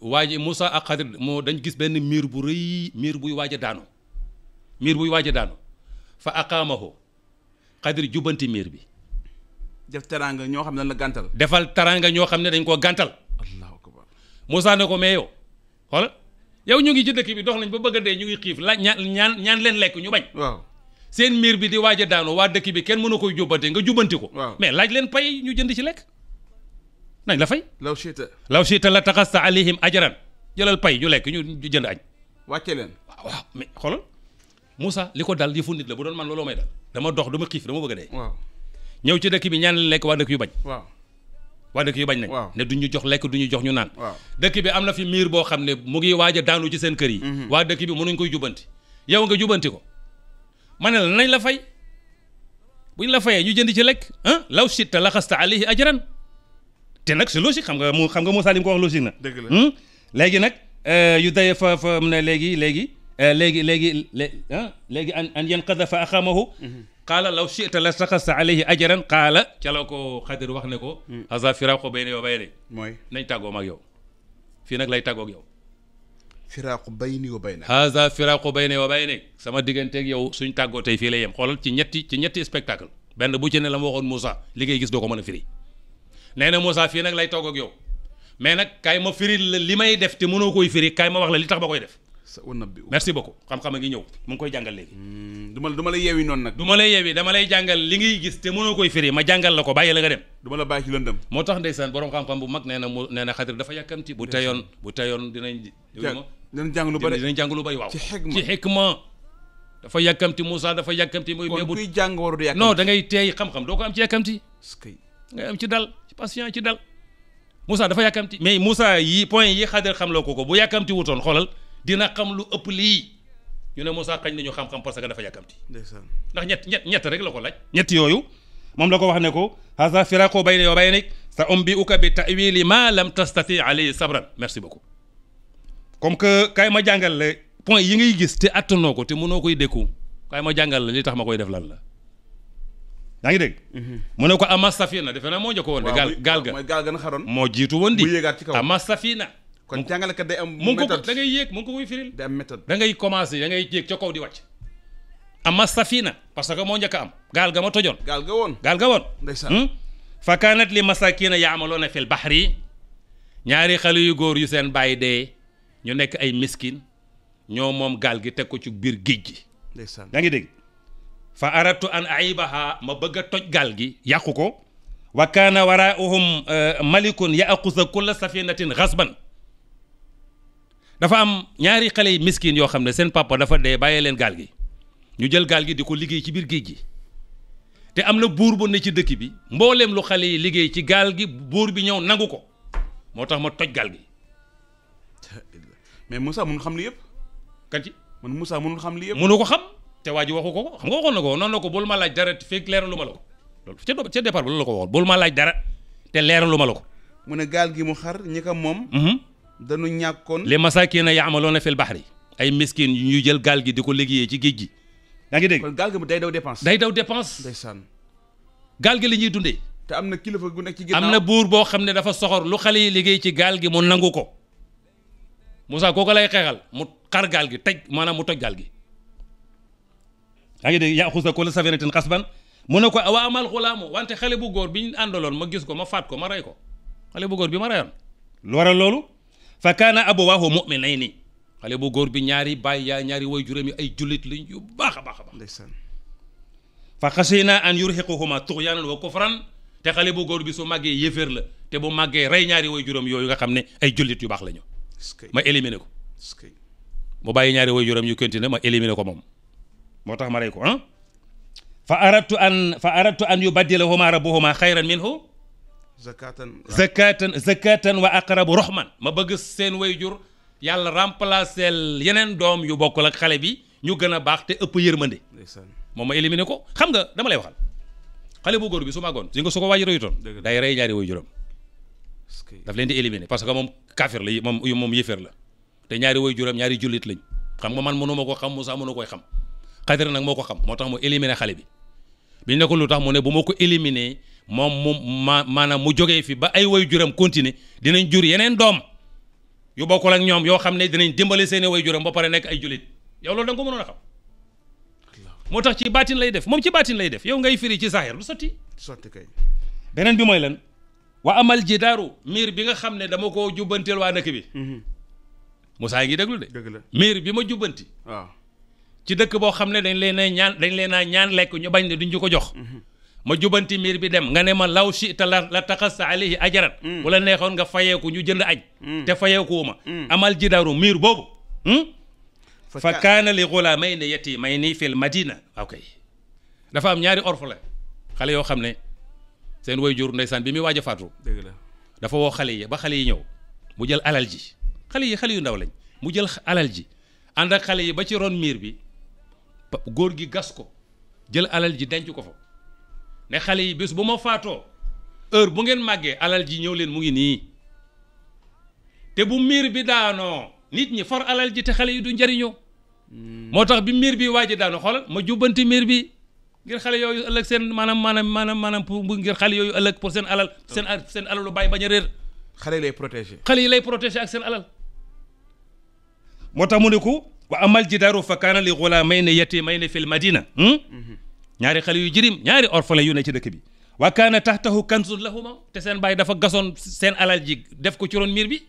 waa ji Moussa ak Xadir moo dañ gis benn miir bu rëy miir buy waaj a daanu miir buy waaj a daanu fa aqaamahu Xadir jubanti miir bi. def teraanga ñoo xam ne la gàntal. defal teraanga ñoo xam ne dañ koo gàntal. allahu akbar Moussa ne ko mais yow xool yow ñu ngi ci dëkk bi dox nañ ba bëgg a dee ñu ngi xiif la ñaan ñaan leen lekk ñu bañ. seen miir bi di waaja daanu waa dëkk bi kenn mënu koy jubbante nga jubbanti ko. mais laaj leen pay ñu jënd ci lekk nañ la fay. law shiita law shiita la taxasta alayhim jëlal pay ñu lekk ñu jënd añ. wàcce leen waaw waaw mais xoolal Moussa li ko dal yëfu nit la bu doon man looloo may dal dama dox dama xiif dama bëgg a dee. ñëw ci dëkk bi ñaan lekk waa dëkk yu bañ. waaw waa dëkk yu bañ nañ. ne duñ ñu jox lekk du ñu jox ñu naan. dëkk bi am na fi miir boo xam ne mu ngi waaja daanu ci seen kër yi. Mhm. waa dëkk bi mënuñ koy jubbanti yow nga jubbanti ko ma ne la nañ la fay buñ la fayee ñu jënd ci lekk ah law sitta la xasta alayhi ajran te nag si logique xam nga mu xam nga Moussa li ko wax logique na. dëgg la hmm? léegi nag euh, yu day fa fa ne léegi léegi euh, léegi léegi ah, léegi an an yanqada fa axamahu qaala law si'ta la taxasta alayhi ajran qaala ca la ko xadir wax ne ko hmm. haza firaaqu bayni wa bayni mooy nañ tàggoo maag yow fii nag lay tàggoog yow firaaqu bayni wa baynak haza firaaqu bayni wa baynak sama digganteeg yow suñ tàggoo tey fii lay yem xoolal ci ñetti ci ñetti spectacle benn bu ci ne la ma waxoon Moussa li ngay gis doo ko mën a firi nee na Moussa fii nag lay togg ak yow mais nag kaay ma firi la li may def te mënoo koy firi kaay ma wax la li tax ba koy def merci beaucoup xam-xam a ngi ñëw mu ngi koy jàngal léegi hmm, du ma du ma lay yeewi noonu nag duma la lay yeewi dama lay jàngal li ngay gis te mënoo koy firi ma jàngal la ko bàyyi la nga dem du ma la bàyyi ci lëndëm moo tax ndeysaan borom xam-xam bu mag nee na mu nee na xadir dafa yàkkamti bu teyoon bu dinañ jàng lu bëri dinañ jàng lu bëri waaw. ci xikma ci xikma dafa yàkkamti Moussa mooy meebu kon kuy jàng waru du yàkkamti non teey xam-xam doo ko am ci yàkkamti. ngay am ci dal ci patient ci dal. Moussa dafa yàkkamti mais Moussa yi point yi xaadir xam loo ko ko bu yàkkamti wutoon xoolal dina xam lu ëpp lii ñu ne Moussa xañ nañu xam-xam parce que dafa yàkkamti. ndax ñett ñett ñett rek la ko laaj. ñett yooyu moom la ko wax ne ko haza firaqu bayni wa baynik sa umbi uka bi tawili ma lam tastati alayhi sabran merci beaucoup comme que kaay ma jàngal la point yi ngay gis te attanoo ko te mënoo koy dékku kaay ma jàngal la li tax ma koy def lan la yaa ngi dégg. Mhm. mu ne ko ama safina defe naa moo njëkk woon de. gaal gaal ga mooy gaal ga na xaroon moo jiitu woon di. muy yéegaat ci kaw ama safina. kon jàngalekat day am méthode da ngay yéeg mu ngi ko koy firil. day am méthode da ngay commencé da ngay yéeg ca kaw di wàcc. ama safina parce que moo njëkk am. gaal ga ma tojoon. gaal ga woon gaal ga woon. ndeysaan. Hmm? fa kaanat li masakina yaamaloona fil baxri ñaari xale yu góor yu seen bàyyi dee ñu nekk ay miskin ñoo moom gaal gi teg ko ci biir géej gi yaa ngi dégg fa aratu an aibaha ma bëgg a toj gaal gi yàqu ko wa kaana waraahum euh, malikun yaaqusa kulla safinatin xasban dafa am ñaari xale yi miskin yoo xam ne seen papa dafa dee bàyyee leen gaal gi ñu jël gaal gi di ko liggéey ci biir géej gi te am na buur bu ne ci dëkk bi mbooleem lu xale yi liggéey ci gaal gi buur bi ñëw nangu ko moo tax ma toj gaal gi mais Moussa mënul xam li yëpp. kat yi man Moussa mënul xam li yëpp. mënu ko xam te waa ji waxu ko ko xam nga waxoon na ko noonu la ko bul ma laaj dara te fekk leeralu ma la ko loolu ca ca départ ba loolu la ko waxoon bul ma laaj dara te leeralu ma la ko. mu ne gaal gi mu xar ñi ko moom. Mhm. dañu ñàkkoon. li masaakiina yaamaloona fil baxri ay miskin yu ñu jël gaal gi di ko liggéeyee ci géej gi. yaa ngi dégg kon gaal gi mu day daw dépense. day daw dépense. ndeysaan gaal gi la ñuy dundee. te am na kilifa gu nekk ci am na buur boo xam ne dafa soxor lu xale yi liggéey ci gaal gi mu nangu ko koo ko lay xeexal mu xar gaal gi teg maanaam mu toj gaal gi yaa ngi dégg yaa xus na ko la saveratin xasban mu ne ko waa amal xulaamu wante xale bu góor bi ñu àndaloon ma gis ko ma faat ko ma rey ko xale bu góor bi ma reyoon lu waral loolu fa kaana abawaahu mu'minayni xale bu góor bi ñaari baay yaa ñaari woy juróom yi ay jullit lañ yu baax a baax a baax ndeysaan fa xasina an yurhiquhuma tuxyaanan wa kufran te xale bu góor bi su màggee yéeféer la te bu màggee rey ñaari way juróom yooyu nga xam ne ay jullit yu baax la ñu ma éliminé ko mu bàyyi ñaari waajuram yu continué ma éliminé ko moom moo tax ma rey ko ah fa aradtu an fa aradtu an yu yubaddilahuma rabbuhuma xayran minhu zakatan zakatan zakatan wa aqrabu rahman ma bëgg seen waajur yàlla remplacer yeneen doom yu bokkul ak xale bi ñu gën a baax te ëpp yërmande moom ma éliminé ko xam nga dama lay waxal xale bu góor bi su màggoon si nga su ko waaji reyutoon day rey ñaari waajuram daf leen di éliminer parce que moom kaafir la moom moom yéeféer la te ñaari way juram ñaari jullit lañ xam nga man mënuma ko xam Moussa mënu koy xam Xadir nag moo ko xam moo tax mu éliminer xale bi biñ ko lu tax mu ne bu ma ko éliminer moom mu ma maanaam mu jógee fi ba ay way juram continuer dinañ jur yeneen doom yu bokkul ak ñoom yoo xam ne dinañ dimbale seeni way juram ba pare nekk ay jullit yow loolu da nga ko mënoon a xam moo tax ci baatin lay def moom ci baatin lay def yow ngay firi ci zahir lu sotti sotti kay beneen bi lan waa amal jidaaru miir bi nga xam ne dama koo jubbanteel waa dëkk bi Moussa mhm. ngi déglu de dëgg la miir bi ma jubbanti ci dëkk boo xam ne dañ leen a ñaan dañ leen ñaan lekk ñu bañ ne duñ ñu ko jox mhm. ma jubanti miir bi dem nga ne ma law chita la la taxasta alayhi ajaran mhm. bu la neexoon nga fayeeku ñu jënd aj te fayeeku ma amal jidaaru miir boobu hmm? fa kaana li xulaamayni yatiimayni fil madina ok dafa am ñaari la xale yoo xam ne seen jur ndeysaan bi muy waaj a faatu dafa woo xale yi ba xale yi ñëw mu jël alal ji xale yi xale yu ndaw lañ mu jël alal ji ànd ak xale yi ba ci ron miir bi góor gi gas ko jël alal ji denc ko fa ne xale yi bés bu ma faatoo heure bu ngeen màggee alal ji ñëw leen mu ngi nii te bu miir bi daanoo nit ñi for alal ji te xale yi du njariñoo hmm. moo tax bi miir bi waaj a daanoo xoolal ma jubbanti miir bi ngir xale yooyu ëllëg seen maanaam maanaam maanaam maanaam pour ngir xale yooyu ëllëg pour seen alal seen a seen alalu bàyyi bañ a réer xale yi lay protéger xale yi lay protéger ak seen alal moo tax mu ne ko wa amal jidaaru fa kaana li gulaamayni yatimayni fil madina ñaari xale yu jirim ñaari orphelin yu ne ci dëkk bi wa kaana tahtahu kanzun lahuma te seen bàyyi dafa gasoon seen alal ji def ko ci roon miir bi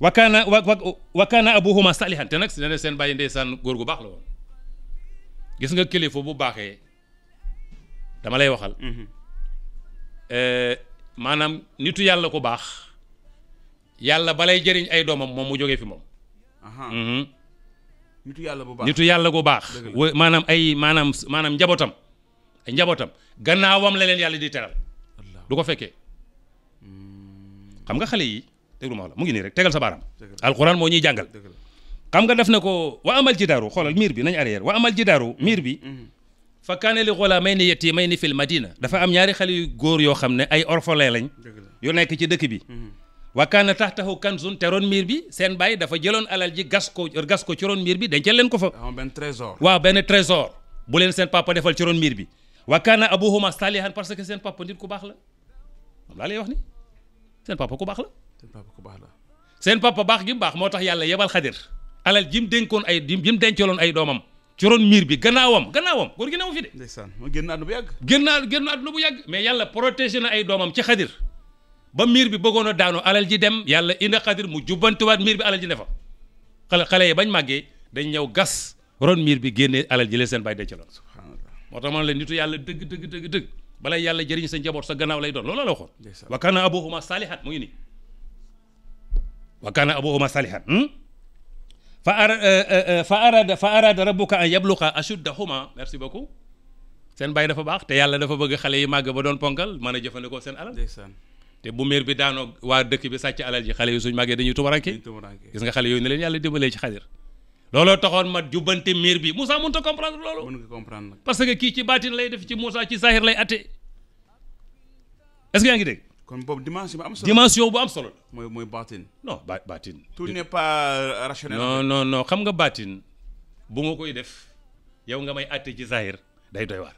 wa kaana wa wa kaana abuhuma salihan te nag seen bàyyi ndeysaan góor gu baax la woon gis nga kilifa bu baaxee dama lay waxal. Mhm. Euh, maanaam nitu yàlla ku baax yàlla balay jëriñ ay doomam moom mu jógee fi moom. Mhm. nitu yàlla bu baax nitu yàlla bu baax. maanaam ay maanaam maanaam njabootam njabootam gannaawam la leen yàlla di teral. du ko fekkee hmm. xam nga xale yi déglu ma wax la mu ngi nii rek tegal sa baaraam. alxuraan moo ñuy jàngal. xam nga def na ko wa amal jidaru xolal mir bi nañ arrière wa amal jidaru mir bi fa kaane li ghola mayni yati mayni fil madina dafa am ñaari xali góor yo xamné ay orphelin lañ yu nekk ci dëkk bi wa kaana tahtahu kanzun te mir bi sen bàyyi dafa jëlon alal ji gas ko gas ko ci ron mir bi dencal len ko fa benn trésor waaw benn trésor bu len sen papa defal ci ron mir bi wa kaana abuhuma salihan parce que sen papa nit ku bax la la lay wax ni sen papa ku bax la sen papa ku bax la sen papa bax gi bax motax yàlla yebal khadir alal ji dénkoon ay jim dencaloon ay doomam ci ron miir bi gannaawam gannaawam góor gi newu fi de. ndeysaan moo génn àdduna bu yàgg. génn génn mais yàlla protégé na ay doomam ci xadir ba miir bi bëggoon a daanu alal ji dem yàlla indi xadir mu jubbantiwaat miir bi alal ji ne fa xale xale yi bañ màggee dañ ñëw gas ron miir bi génnee alal ji leen seen bàyyi dencaloon. subhanallah moo tax ma ne la yàlla dëgg dëgg dëgg dëgg bala yàlla jëriñ sa njaboot sa gannaaw lay doon loolu la waxoon. wa kana abuhuma salihat mu ngi nii wa kana abuhuma salihat hmm? fa ara eh, eh, eh, fa arada fa arada rabbuka an yabluqa ashuddahuma merci beaucoup seen bàyyi dafa baax te yàlla dafa bëgg xale yi màgg ba doon ponkal man a jëfandikoo seen alal te bu meer bi daanoo waa dëkk bi sàcc ji xale yi suñ màggee dañuy tubaranke gis nga xale yooyu ne leen yàlla dimbalee ci xadir looloo taxoon ma jubbante miir bi Moussa mënut a comprendre loolu. mënut a parce que kii ci baatin lay def ci Moussa ci sahir lay atte est yaa ngi dégg. kon boobu dimension bu am solo dimension bu am solo la. mooy mooy baatin. non ba baatin. tout n'est pas rationnel. non non non xam nga baatin bu ma koy def yow nga may àtte ci zahir day doy waar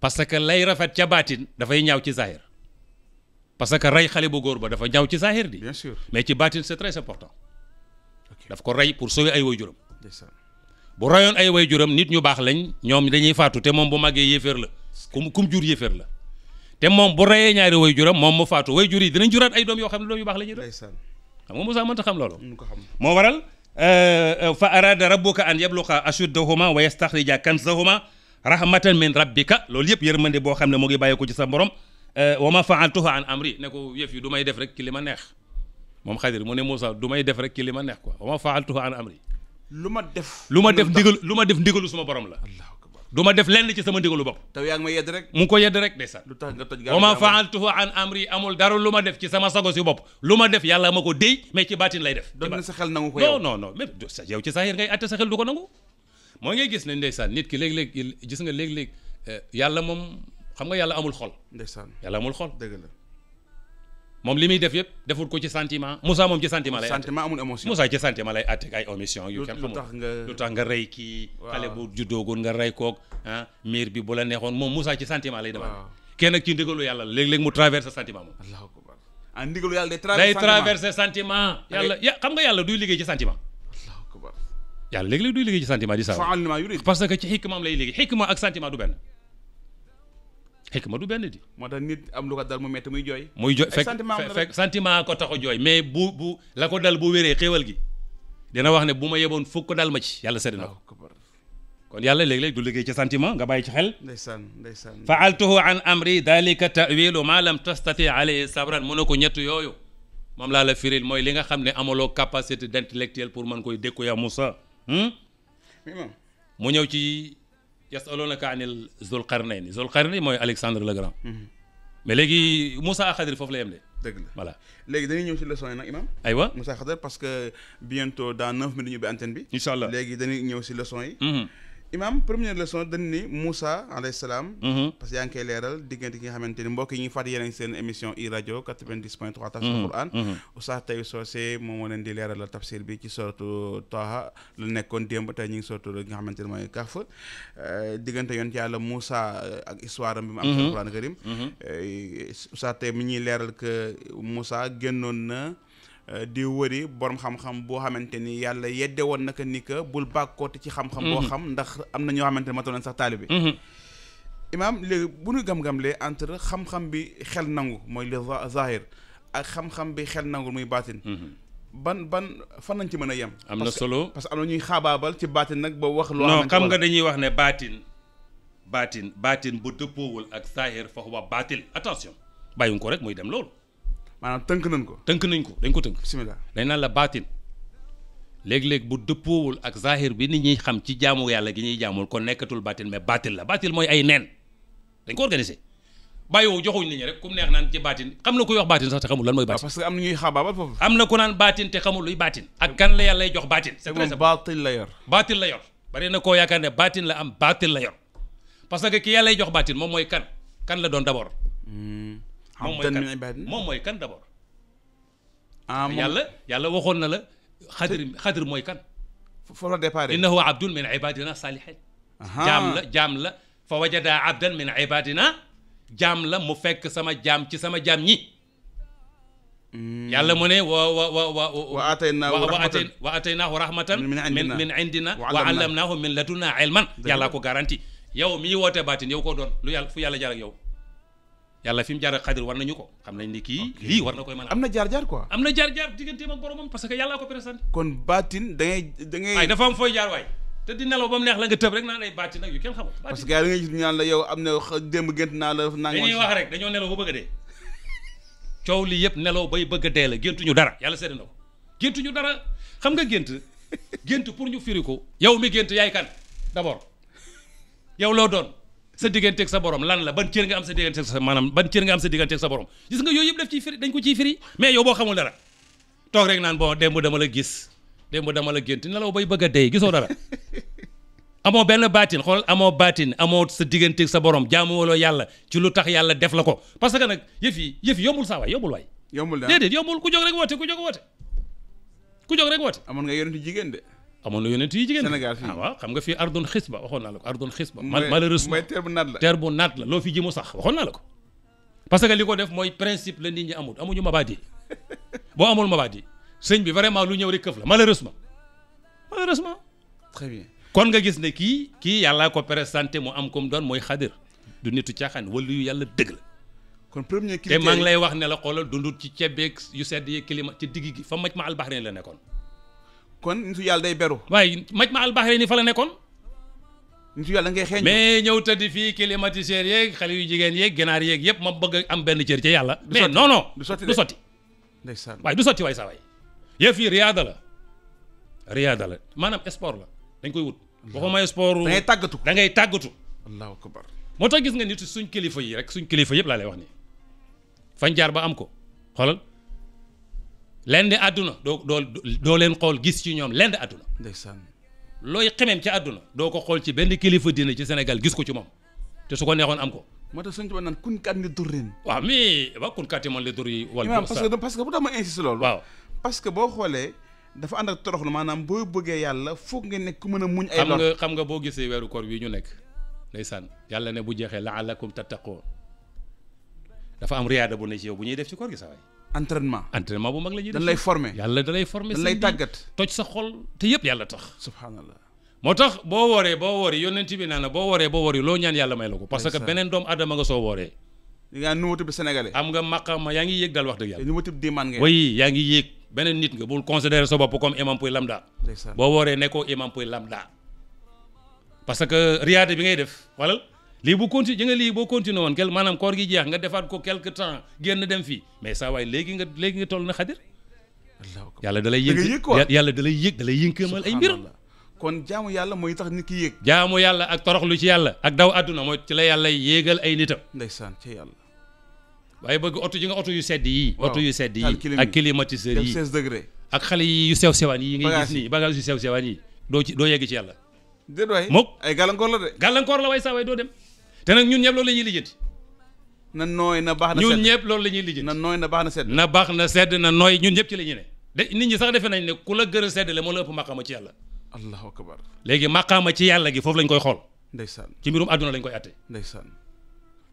parce que lay rafet ca baatin dafay ñaaw ci zahir parce que rey xale bu góor ba dafa ñaaw ci zahir di. bien sûr mais ci baatin c'est très important. daf ko rey pour sauver ay waajuram. bu reyoon ay waajuram nit ñu baax lañ ñoom dañuy faatu te moom bu màggee yéeféer la. kum kum jur yéeféer la. te mom bu reyee ñaari way juram mom mu faatu way jur dinañ juraat ay doom yo xamni doom yu bax lañu ñuy doon xam nga mo sa Moussa ta xam loolu mo waral fa arada rabbuka an yabluqa ashuddahuma wa yastakhrija kanzahuma rahmatan min rabbika loolu yep yërmande bo xamne mo ngi bàyyi ko ci sa borom wa ma faaltuha an amri ne ko yëf yu dumay def rek ki lima neex mom khadir mo ne mo sa dumay def rek ki lima neex quoi wa ma faaltuha an amri luma def luma def ndigal luma def ndigalu suma borom la allah du ma def lenn ci sama ndigalu bopp taw yaa ngi ma yedd rek mu ko yedd rek ndeysaan lu ma faaltuhu an amul dara lu ma def ci sama sago si bopp lu ma def yàlla ma ko déy mais ci baatin lay def doon na sa xel nangu ko yow non sa yow ci sa xel ngay atte sa xel du ko nangu moo ngay gis ne ndeysaan nit ki léeg-léeg gis nga léeg-léeg euh, yàlla moom xam nga yàlla amul xol ndeysaan yàlla amul xol dëgg la moom li muy def yëpp deful ko ci sentiment Moussa moom ci sentiment lay sentiment amul émotion lu tax nga rey kii xale bu juddoogoon nga rey koog ah, miir bi bu la neexoon moom Moussa ci sentiment lay demande kenn ak ci ndigalu yàlla la léeg-léeg mu traversé sentiment moom allahu akbar ah ndigalu yàlla day traversé sentiment yàlla ya xam nga yàlla duy liggéey ci sentiment allahu akbar yàlla léeg-léeg duy liggéey ci sentiment di sa parce que ci xikmaam lay liggéey xikma ak sentiment du benn xëkk ma du benn di. moo tax nit am lu ko dal mu metti muy jooy. muy jooy sentiment ko tax a jooy mais bu bu la ko dal bu wéree xéewal gi dina wax ne bu ma yeboon fukk dal ma ci yàlla sedd na ko. kon yàlla léeg-léeg du liggéey ci sentiment nga bàyyi ci xel ndeysaan ndeysaan faaltuhu an amri dalika tawilu ma lam tastati alayhi sabran mu ko ñett yooyu moom laa la firil mooy li nga xam ne amaloo capacité d' intellectuel pour man koy dékku ya Moussa hmm? mu ñëw ci يسالونك عن ذو القرنين ذو القرنين موي الكسندر لو غران مي لغي موسى خضر فوف لا يم دي فوالا لغي داني نيو سي لسون نا امام ايوا موسى خضر باسكو بيانتو دا 9 مينوت نيو بي انتن بي ان شاء الله لغي داني نيو سي لسون اي imam première leçon dañ ni Moussa alayhi salaam. Mhm. parce que yaa ngi koy leeral diggante ki nga xamante ni mbokk yi ñu fàttali yéen a ngi seen émission i rajo 90 point 3 tafsir mhm. Quran mhm. Oustaz Taïb Socé moom moo leen di leeral leeralal tafsir bi ci sortu Taha la nekkoon démb tey ñu ngi sortu li nga xamante ni mooy Kahf euh, diggante yonent yàlla Moussa euh, ak histoire bi mu am ci Quran Karim euh, Oustaz Taïb mi ñuy leeral que Moussa génnoon na Euh, di wëri boroom xam-xam boo xamante ni yàlla yedde woon naka ni que bul bàkkoote ci xam-xam boo mhm. xam ndax am na ñoo xamante ni matoon nañ sax taalibe mhm. imaam léegi bu ñu gam-gamlee entre xam-xam bi xel nangu mooy le zahir ak xam bi xel nangu muy baatin mhm. ban ban fan nañ ci mën a yem am na solo parce que am na ñuy xaabaabal ci baatin nag ba wax loo xam nga dañuy wax ne baatin baatin baatin bu dëppoowul ak zahir fa huwa baatil attention bàyyi nga ko rek muy dem loolu maanaam tënk nañ ko. tënk nañ ko dañ ko tënk. bisimilah dañ naan la baatin léeg-léeg bu dëppoowul ak zahir bi nit ñuy xam ci jaamu yàlla gi ñuy jaamul ko nekkatul baatin mais baatil la baatil mooy ay neen dañ ko organisé bàyyiwoo joxuñ nit ñi rek kum neex na ku wax baatin sax te xamul lan mooy ah, baatin. parce na ñuy xaabaabal foofu. am na ku luy baatin. ak kan la jox baatin. c'est très la yor. baatil la yor bari na koo yaakaar ne baatin la am baatil la yor parce que ki yàlla jox baatin moom mooy kan kan la doon d'abord hmm. moom mooy kan moom mooy kan d' abord. ah moom yàlla yàlla waxoon na la. xadir xadir mooy kan. foofu la départ innahu abdun min ibadina salihin. jaam la jaam la fa wajada abdan min ibadina jaam la mu fekk sama jaam ci sama jaam ñi. yàlla mu ne wa wa wa wa. wa ataynaahu rahmatan wa ataynaahu rahmatan. min indina min indina wa allamnaahu min ladunna ilman. yàlla ko garanti yow mi woote baatin yow koo doon lu yàlla fu yàlla jaar ak yow. yàlla fi mu jaar ak xadir war nañu ko xam nañ ni kii lii war na koy man a am na jaar-jaar ko am na jaar-jaar digganteem ak boromam parce que yàllaa ko présenté kon baatin da ngay da ngay ay dafa am fooy jaar waay te di nelaw ba mu neex la nga tëb rek naan ay bàcc nag yu kenn xamul parce que gars yi da ngay ñaan la yow am na démb gént naa la nang dañuy wax rek dañoo nelaw ba bëgg a dee coow li yëpp nelaw bay bëgg a dee la géntuñu dara yàlla seede na ko géntuñu dara xam nga gént gént pour ñu firi ko yow mi gént yaay kan d'abord yow loo doon sa digganteeg sa borom lan la ban cër nga am sa digganteeg sa maanaam ban cër nga am sa digganteeg sa borom gis nga yooyu yëpp daf ciy firi dañ ko ciy firi mais yow xamul dara toog rek naan bon démb dama la gis démb dama la gént nelaw bay bëgg a dee gisoo dara [LAUGHS] amoo benn baatin xool amoo baatin amoo sa digganteeg sa borom jaamuwaloo yàlla ci lu tax yàlla def la ko parce que nag yëf yi yëf yi yombul saa waay yombul waay. yombul daal déedéet yombul ku jóg rek woote ku jóg woote ku jóg rek woote. amoon nga yonent jigéen de. amoon na yonent yi jigéen Sénégal fii ah, waaw xam nga fii ardon xisba waxoon naa la ko ardon xisba malheureusement mooy bu naat la loo fi ji mu sax waxoon naa la ko parce que li ko def mooy principe la nit ñi amul amuñu mabaadi [LAUGHS] boo amul mabaadi sëñ bi vraiment lu ñëw rek këf la malheureusement malheureusement très kon nga gis ne kii kii yàllaa ko présenté mu am comme doon mooy xadir du nitu caaxaan wala yu yàlla dëgg la kon premier te maa ngi lay wax ne la xoolal dundut ci ceeb yu sedd yi climat ci digg gi fa maj ma albaxrin la nekkoon kon nitu yàlla day beru waaye maj ma albaxare ni fa la nekkoon nitu yàlla ngay xeeñ mais ñëw tëdd fii climatiseur yeeg xale yu jigéen yeeg ganaar yeeg yëpp ma bëgg am benn cër ci yàlla mais non non du sotti du sotti ndeysaan waaye du sotti waay sa waay yëf riyaada la riyaada la maanaam sport la dañ koy wut boo waxuma sport da ngay tàggatu da ngay tàggatu allahu akbar moo tax gis nga nit suñ kilifa yi rek suñ kilifa yëpp laa lay wax nii fañ jaar ba am ko xoolal lenn di àdduna doo doo doo leen xool gis ci ñoom lenn di àdduna. looy xemem ci àdduna doo ko xool ci benn kilifa dina ci Sénégal gis ko ci moom te su ko neexoon am ko. moo tax suñu ci naan kun kat li dur leen. waaw mais waaw kun yi man li dur yi. parce que bu tax ma insiste loolu. waaw parce que boo xoolee. dafa ànd ak toroxlu maanaam boo bëggee yàlla foog nga nekk ku mën a muñ. ay lor xam nga boo gisee weeru kor wi ñu nekk. ndeysaan yàlla ne bu jeexee laalakum tattaqoon dafa am riyaada bu ne ci yow bu ñuy def ci koor gi sa waay entraînement entraînement bu mag la ñuy def dañ lay yàlla da lay former dañ tàggat toj sa xol te yëpp yàlla tax subhanallah moo tax boo wooree boo woori yonent bi naa na boo wooree boo woori loo ñaan yàlla may la ko parce que beneen doomu adama nga soo wooree nga numatib sénégalais am nga maqama yaa ngi yéeg beneen nit nga bul considérer sa bopp comme imam puy lambda boo wooree nekkoo imam puy lambda parce que riyaade bi ngay def walal lii bu continue ji lii boo continuer woon quelque maanaam koor gi jeex nga defaat ko quelque temps génn dem fii mais saa waay léegi nga léegi nga toll na xadir yàlla da lay yëg yàlla da lay yëg da lay yënkëmal ay kon jaamu yàlla mooy tax nit ki yéeg jaamu yàlla ak toroxlu ci yàlla ak daw àdduna mooy ci la yàlla yéegal ay nitam ndeysaan ci yàlla waaye bëgg oto ji nga oto yu sedd yii oto yu sedd yii ak climatiseur yi 16 degré ak xale yi yu sew sewaan yi ngay gis nii bagage yu sew sewaan yi doo ci doo yegg ci yàlla de ay gàllankoor la de gàllankoor la way saa doo dem te nag ñun ñëpp loolu la ñuy lijjanti. na nooy na baax na sedd ñëpp loolu la ñuy lijjanti. na nooy na baax na sedd. na baax na sedd na nooy ñun ñëpp ci la ne. de nit ñi sax defe nañ ne ku la gën a sedd la moo la ëpp maqaama ci yàlla. allahu akbar. léegi ci yàlla gi foofu lañ koy xool. ndeysaan ci mbirum àdduna lañ koy atte. ndeysaan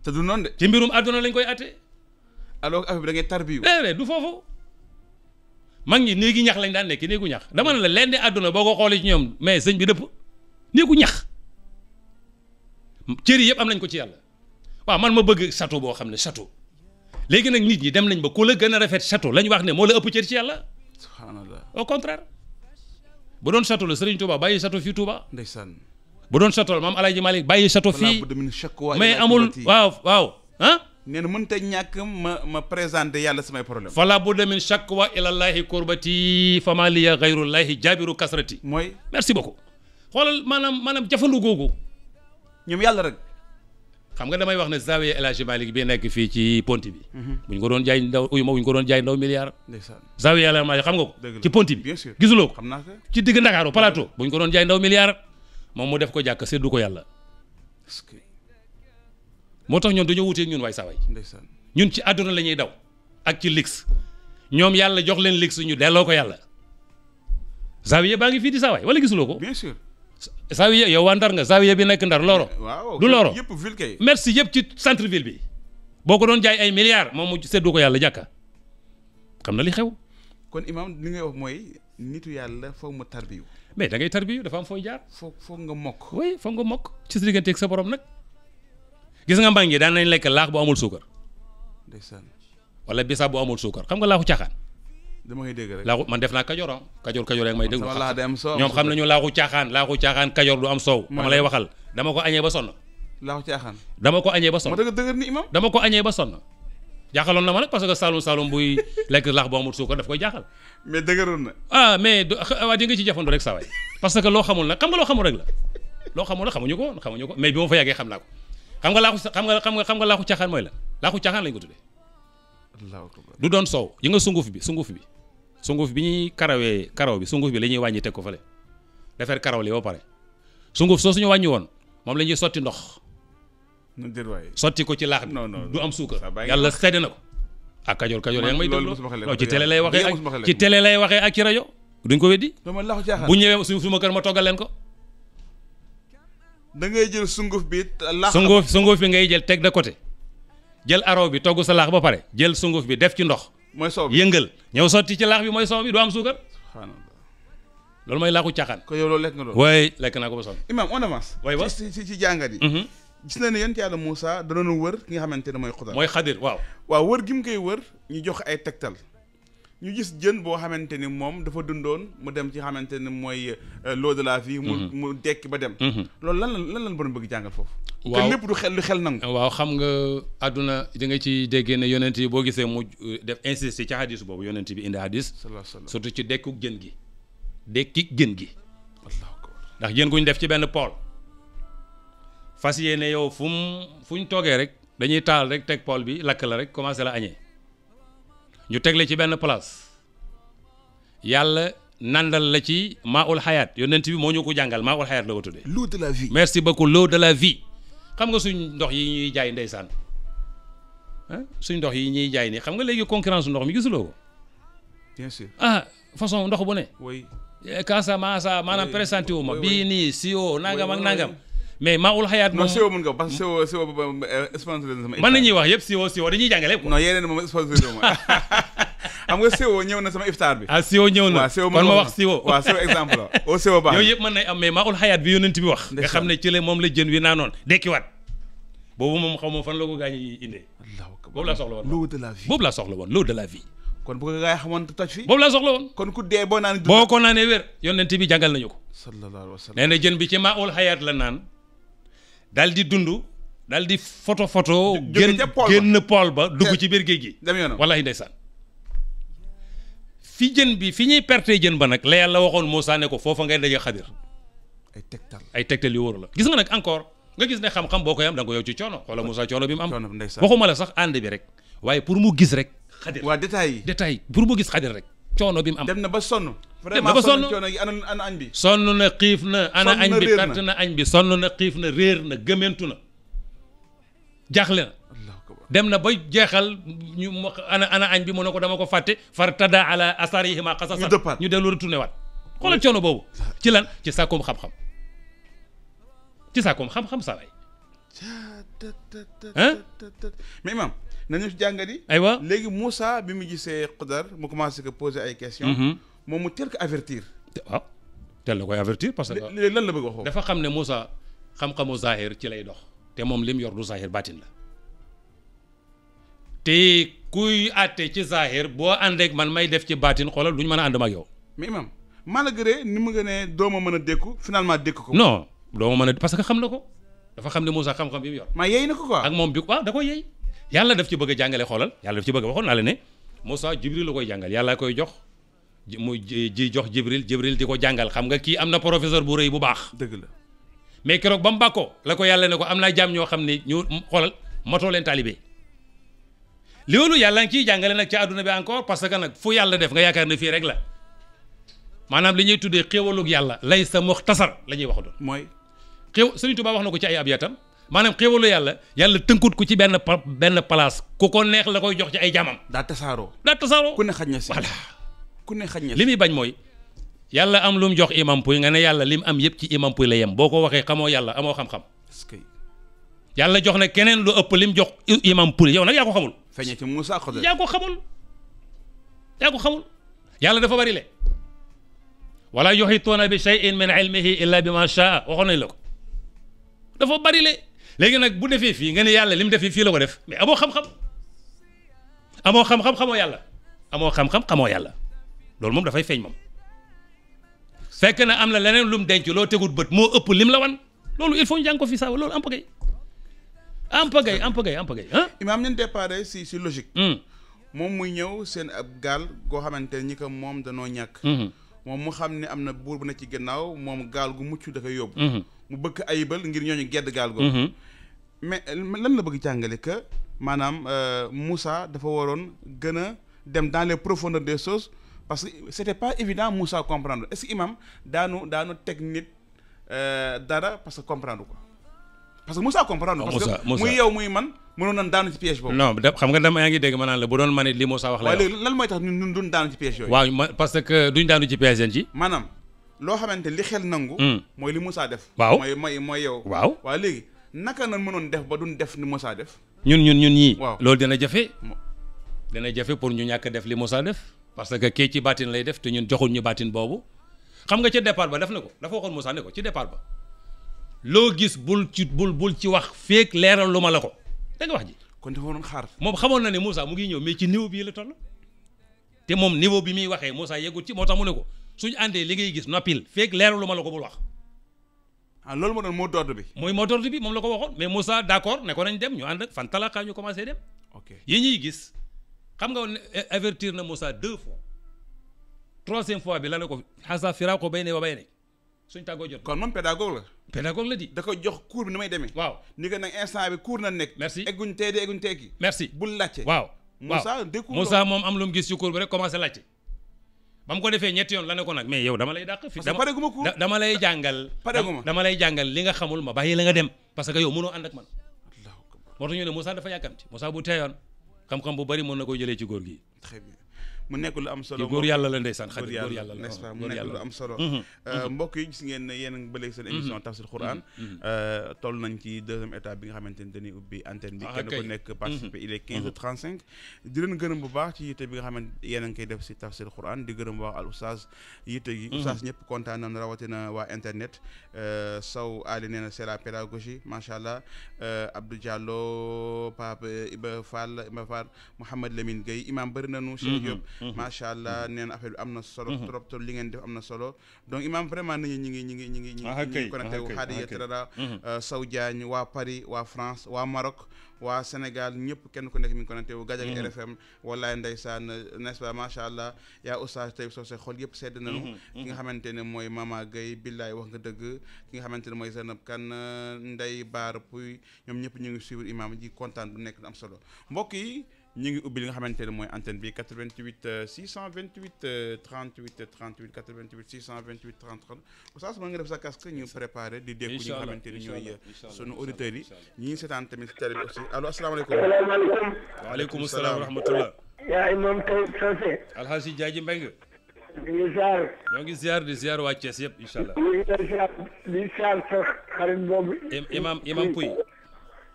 te du ci mbirum àdduna lañ koy atte. alors affaire bi da ngay tarbiyu. Eh, du foofu. mag ñi néegi ñax lañ daan nekk néegu ñax dama ne la lenn àdduna boo ko xoolee ci ñoom mais sëñ bi dëpp néegu ñax cër yi am nañ ko ci yàlla waaw man ma bëgg château boo xam ne château léegi nag nit ñi dem nañ ba ku la gën a rafet château lañ wax ne moo la ëpp cër ci yàlla. subhanallah au contraire. bu doon château la Serigne Touba bàyyi château fii Touba. ndeysaan bu doon château la maam El Hadj Malick bàyyi château fii mais amul waaw waaw ah. nee na mënta ñàkk ma ma présenter yàlla samay problème fala budda min shakwa ilallahi kurbati fama liya gayrullahi jaabiru kasrati mooy merci beaucoup xoolal maanaam maanaam jafandu googu ñoom yàlla rek xam nga damay wax ne zawiya El Hadji Malick bi nekk fii ci ponti bi mhm. bu ñu ko doon jaay ndaw uyu ma ko doon jaay ndaw milliard zawiya El Hadji Malick xam nga ko ci ponti bi gisuloo ko ci digg Ndakaaru plateau bu ko doon jaay ndaw milliard moom mu def ko jàkk seddu ko yàlla moo tax ñoom dañoo wutee ñun waay saway ñun ci àdduna la ñuy daw ak ci lix ñoom yàlla jox leen lix ñu delloo ko yàlla zawiya baa ngi fii di saway wala gisuloo ko bien Zawiya yow waa Ndar nga Zawiya bi nekk Ndar Loro. Eh, du Loro yëpp ville kay. merci yëpp ci centre ville bi boo ko doon jaay ay milliards moom mu séddu ko yàlla jàkka xam na li xew. kon imam li ngay wax mooy nitu yàlla foog mu tarbiyu. mais da ngay tarbiyu dafa am fooy jaar. foog nga mokk. oui foog nga mokk ci sa digganteeg sa borom nag. gis nga mbaa ngi daan nañ lekk laax bu amul suukar. ndeysaan. wala bisaab bu amul suukar xam nga laaxu caaxaan. dama koy dégg rek laaxu man def naa kajoor ah kajoor kajoor rek may déglu ñoom xam nañu am ba sonn laaxu caaxaan na ma nag parce que Saloum Saloum buy [LAUGHS] lekk laax bu amul suukar daf koy jaaxal mais dëgëroon na ah mais waa di nga ci jafandu rek sawaay parce que loo xamul nag xam nga loo xamul rek la loo xamul ko woon xamuñu mais bi xam naa ko xam nga laaxu xam nga xam nga xam nga laaxu caaxaan mooy la laaxu caaxaan lañ ko tuddee du doon soow yi nga sunguf bi sunguf bi sunguf bi ñuy karawee karaw bi sunguf bi la ñuy wàññi teg ko fële defar karaw li ba pare sunguf soo suñu wàññi woon moom la ñuy sotti ndox sotti ko ci laax bi du am suukar yàlla seede na ko ak ah, kajoor kajoor yaa ngi may déglu ci télé lay waxee ak ci télé lay waxee ak ci rajo duñ ko weddi bu ñëwee su ma kër ma toggal leen ko da jël sunguf bi laax sunguf sunguf bi ngay jël teg de côté jël araw bi togg sa laax ba pare jël sunguf bi def ci ndox mooy soow bi yëngal ñëw sotti ci laax bi mooy soow bi doo am suukar. loolu mooy laaxu caaxaan. ko yow loolu lekk nga doon. waaye lekk naa ko ba sonn. imam on avance. waaye ci ci ci jàngat yi. Mhm. gis na ne yonent yàlla Moussa da doon wër ki nga xamante ne mooy. xudar mooy xadir waaw. waaw wër gi koy wër ñu jox ay tegtal. ñu gis jën boo xamante ni moom dafa dundoon mu dem ci xamante ni mooy euh, l'eau de la vie. mu mhm. mu dekki ba dem. Mhm. loolu lan lan lan borom bëgg jàngal foofu. waaw te lépp du xel lu xel nangu. waaw xam nga àdduna di nga ci déggee ne yonent yi boo gisee mu euh, def insisté ci hadis boobu yonent bi indi hadis. surtout ci dekkuk jën gi. dekki jën gi. ndax jën gu ñu def ci benn pool. fas yéene yow fu mu fu ñu toogee rek dañuy taal rek teg pool bi lakk la rek commencé la añee. ñu teg tegle ci benn place yàlla nandal la ci maaul xayaat yonent bi moo ñu ko jàngal maaul xayaat la woto tuddee. de la vie merci beaucoup l'eau de la vie. xam nga suñ ndox yi ñuy jaay ndeysaan suñ ndox yi ñuy jaay nii xam nga léegi concurrence ndox mi gisuloo ko. ah façon ndox bu ne. oui. Casamance eh, maanaam présenté wu ma bii nii si woo nangam ak nangam. mais maa ul xayaat moom non siwo mun nga parce euh, wax yëpp siwo siwo dañuy jàngale non yeneen moom sponsor ma [LAUGHS] na sama iftaar bi ah, ma wax siwo [LAUGHS] waaw siwo exemple o oh, siwo ul xayaat bi yonent bi wax nga xam ne ci moom la jën wi naanoon dekkiwaat boobu moom xaw ma fan la ko gaañ indee boobu laa soxla woon l'eau de la vie boobu laa soxla woon l'eau de la vie kon bu ko gaa yi xamoon toj fii boobu laa soxla woon kon ku dee boo naan boo ko naanee wér yonent bi jàngal nañu ko sallallahu alayhi wa sallam nee na la naan daal di dund daal di photo photo génn génn pool ba dugg ci biir géej gi wallahi ndeysaan fi jën bi fi ñuy perte jën ba nag la yàlla waxoon Moussa ne ko foofa ngay daje xadir ay tegtal ay tegtal yu wóor la gis nga nag encore nga gis ne xam-xam boo koy am da nga yow ci coono xoola Moussa coono bi mu am waxuma la sax ànd bi rek waaye pour mu gis rek xadir waa détail yi détail pour mu gis xadir rek coono bi mu am. dem na ba sonn. vraiment sonn coono yi ana ana añ bi. sonn na xiif na ana añ bi añ bi sonn na xiif na réer na gëmentu na jaaxle na. dem na ba jeexal ñu ana ana añ bi mu ne ko dama ko fàtte far tada ala asarihima xasasa ñu dëppaat ñu dellu retourné waat xoolal coono boobu ci lan ci sàkkum xam-xam ci sàkkum saa waay. mais imam nañu jàngat yi. aywa léegi Moussa bi mu gisee Qudar mu commencé que poser ay questions. Mm-hmm. moom mu teel ko avertir. waaw ah, teel la koy avertir parce que. léegi lan la bëgg a dafa xam ne Moussa xam-xamu zahir ci lay dox. te moom lim yor du zahir baatin la. te kuy àtte ci zahir boo àndeek man may def ci baatin xoolal duñ mën a ànd ak yow. mais imam malgré ni mu nga ne ma mën a dékku finalement dékku ko. non doo ma mën a parce que xam na ko dafa xam ne Moussa xam-xam bi mu yor. ma yey na ko quoi ak moom bi waaw da ko yey. yàlla def ci bëgg a jàngale xoolal yàlla daf ci bëgg waxoon naa la ne Moussa Jibril la koy jàngal yàlla koy jox mu ji jox Jibril Jibril di ko jàngal xam nga kii am na professeur bu rëy bu baax. dëgg la mais keroog ba mu bàkkoo la ko yàlla ne ko am naa jaam ñoo xam ne ñu xoolal matoo leen taalibe loolu yàlla ngi ciy jàngale nag ci àdduna bi encore parce que nag fu yàlla def nga yaakaar ne fii rek la maanaam li ñuy tuddee xéewalug yàlla lay sa muxtasar la ñuy wax doon. mooy xéew Sëriñ Tuubaa wax na ko ci ay ab yatam maanaam xéewalu yàlla yàlla tënkut ko ci benn benn place ku ko neex la koy jox ci ay jaamam. daat tasaaroo daa tasaaroo ku ne xaj na si voilà ne xaj na li muy bañ mooy yàlla am lu mu jox imam puy nga ne yàlla lim am yëpp ci imam puy la yem boo ko waxee xamoo yàlla amoo xam-xam yàlla jox na keneen lu ëpp lim jox imam puy yow nag yaa ko xamul feeñee ci Moussa Xodé yaa ko xamul yaa ko xamul yàlla dafa bari le wala yuhituuna bi shay'in min ilmihi illa bi ma shaa waxoon nañ la ko bari le léegi nak bu défé fi nga ne yàlla lim défé fi fii la ko def mais amo xam-xam amo xam-xam xamo yàlla amo xam-xam xamo yàlla loolu moom dafay feeñ moom fekk na am na leneen lu denc loo tegut bët moo ëpp lim la wan loolu il faut ñu ko fii saa loolu am pagay am pagay am pagay am pagay ah. imaam ñu déparé si si logique. moom muy ñëw seen ab gaal goo xamante ni que moom danoo ñàkk. moom mu xam ne am na buur bu ne ci gannaaw moom gaal gu mucc da koy yóbbu. mu bëgg ayibal ngir ñooñu gedd gaal googu mhm. mais euh, lan la bëgg jàngale que maanaam euh, Moussa dafa waroon gën dem dans les profondeurs des choses parce que c'était pas évident Moussa comprendre est imam daanu daanu teg nit euh, dara parce que comprendre ko parce que Moussa comprendre ah, parce que muy yow muy man mënoon nan daanu ci piège boobu non xam nga dama yaa ngi dégg ma la bu doon man it li Moussa wax la waaw léegi lan mooy tax ñun ñun duñ daanu ci piège yooyu waaw parce que duñ daanu ci piège yéen loo xamante li xel nangu. Hmm. mooy li musaa def. waaw mooy mooy waaw waaw léegi naka na mënoon def ba duñ def ni Moussa def. ñun ñun ñun ñii. waaw loolu dina jafe. dina jafe pour ñu ñàkk def li Moussa def parce que kee ci baatin lay def te ñun joxul ñu baatin boobu xam nga ca départ ba def na ko dafa waxoon Moussa ne ko ci départ ba loo gis bul ci bul bul ci wax feek leeral lu ma la ko da wax ji. kon dafa waroon xaar. moom xamoon na ne musaa mu ngi ñëw mais ci niveau bii la toll te moom niveau bi muy waxee Moussa yeggul ci moo tax ne ko. suñu àndee li ngay gis noppil feeg lu ma la ko bul wax ah loolu moo doon mot d'ordre bi mooy mot d'ordre bi moom la ko waxoon mais Moussa d'accord ne ko nañ dem ñu ànd ak fan talaka ñu commencé dem yi ñuy gis xam nga woon eh, avertir na Moussa deux fois troisième fois bi la ne ko xasa firaa ko bay ne ba bay ne suñ tàggoo jot kon moom pédagogue la pédagogue la di da ko jox cours bi ni may demee waaw ni ko nag instant bi cours na nekk merci egguñ tey de egguñ tekki merci bul laajte waaw Moussa dëkku Moussa am lu mu gis ci cours ba ko defee ñetti yoon la ne ko nag mais yow dama lay dàq fi dama lay jàngal dama lay jàngal li nga xamul ma bàyyi la nga dem parce que yow mënoo ànd ak man moo tax ñu ne Moussa dafa yàkkamti Moussa bu teeyoon xam-xam bu bari mën na ko jëlee ci góor gi mu nekk lu am solo góor yàlla la ndeysaan xarit góor yàlla la n'est-ce pas mu nekk lu am solo mbokk yi gis ngeen ne yéen ba léegi seen émission tafsir Quran toll nañ ci deuxième étape bi nga xamante ni dañuy ubbi antenne bi kenn ku nekk participer il est quinze heures trente cinq di leen gërëm bu baax ci yitte bi nga xamante yéen a ngi koy def si tafsir Quran di gërëm wax al oustaz yitte gi oustaz ñëpp kontaan nañ rawatina waa internet saw Ali nee na c'est la pédagogie macha allah Abdou Diallo Pape Iba Fall Iba Fall Mouhamed Lamine Gueye imam bëri nañu Cheikh Diop Mhm. macha allah mhm. neen na bi am na solo mhm. trop trop li ngeen def am na solo donc imam vraiment nañu ñi ngi ñi ngi ñi ngi ñi ngi ah, connecté wu Hadiya ah, ah, euh, waa Paris waa France waa Maroc waa Sénégal ñëpp kenn ku nekk mi ngi connecté wu Gajak RFM wallaay ndeysaan n'est-ce pas macha allah yaa oustaz Taïb Socé xool yëpp sedd nañu ki nga xamante ne mooy Mama Gueye billaay wax nga dëgg ki nga xamante ne mooy Zainab kan Ndeye Baar Pouy ñoom ñëpp ñu ngi suivre imam ji kontaan bu nekk am solo ñu ngi ubbi li nga xamante ne mooy antenne bi 88 628 38 38 88 628 30 30 oustaz mën nga def sa casque ñu préparé di dégg ñi nga xamante ne ñooy euh, sunu auditeurs yi ñi ngi seetaan tamit télé bi aussi allo asalaamaaleykum asalaamaaleykum waaleykum salaam wa rahmatullah yaa imam tey sose alhaji jaaji mbeng ñu ngi ziar ñoo ngi ziar di ziar waa Thiès yëpp incha allah ñu ngi ziar di ziar sax xarit imam imam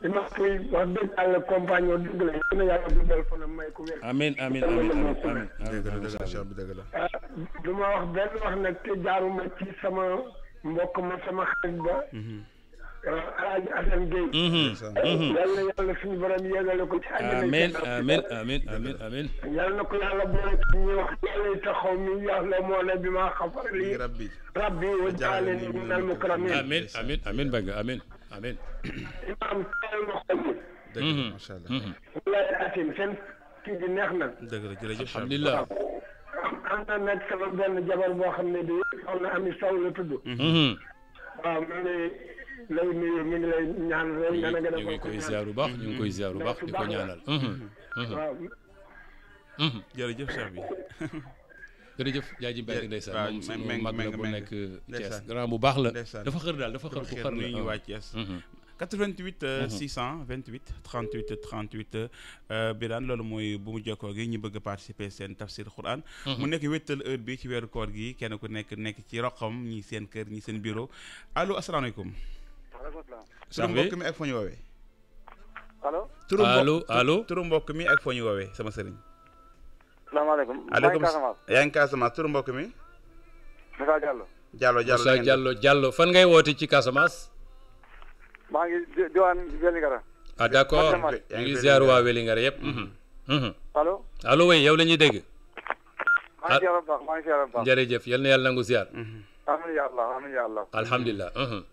di ma koy wax dëgg yàlla compagnon dëgg la yéen a yàlla dundal fanam may ko wér. amiin amiin amiin amiin amiin dëgg la dëgg la Cheikh bi dëgg la. du ma wax benn wax nag te jaaruma ci sama mbokk ma sama xarit ba. Alaaji Assane Gueye. yàlla yàlla suñu borom yéegale ko ci àddina. amiin amiin amiin amiin amiin. yàlla na ko yàlla boole ci ñuy wax yàlla taxaw mi yàlla la moo ne bi maa xam. rabbi rabbi wa jaale ni minal mukramin. amiin amiin amiin bëgg amiin. amiin. imaam teel ma xol yi. dëgg la macha allah. walaay asim seen kii bi neex na. dëgg la jërëjëf alhamdulilah. am na nag sama benn jabar boo xam ne bi soxna Ami Sow la tudd. waaw mu ngi lay nuyu mi ngi lay ñaan rek. ñu ngi koy ziar bu baax ñu ngi koy ziar bu baax di ko ñaanal. waaw. jërëjëf Cheikh bi. [LAUGHS] jërëjëf yaa ji bàyyi ndeysaan moom suñu mag la bu nekk Thiès grand bu baax la dafa xër daal dafa xër bu xër la ñu waa ah. Thiès 88 628 38 38 Birane loolu mooy bu mu jokkoo gi ñu bëgg a participer seen tafsir quran mhm. mu nekk wéttal heure bi ci weeru koor gi kenn ku nekk nekk ci roqam ñi seen kër ñi seen bureau allo asalaamaaleykum. waaleykum salaam. turu mbokk mi ak foo ñu woowee. allo. turu mbokk allo turu mbokk mi ak foo ñu woowee sama sëriñ. asalaamaaleykum. maaleykum salaam yaa ngi Casamance turu mbokk mi. Moussa Diallo. Diallo Diallo Moussa Diallo Diallo fan ngay woote ci Casamance. maa ngi di diwaan Wellingara. ah d' accord yaa ngi ziar waa Wellingara yëpp. Mhm. Mhm. allo. allo oui yow la ñuy dégg. maa ngi ah. yal na yàlla nangu ziar. amiin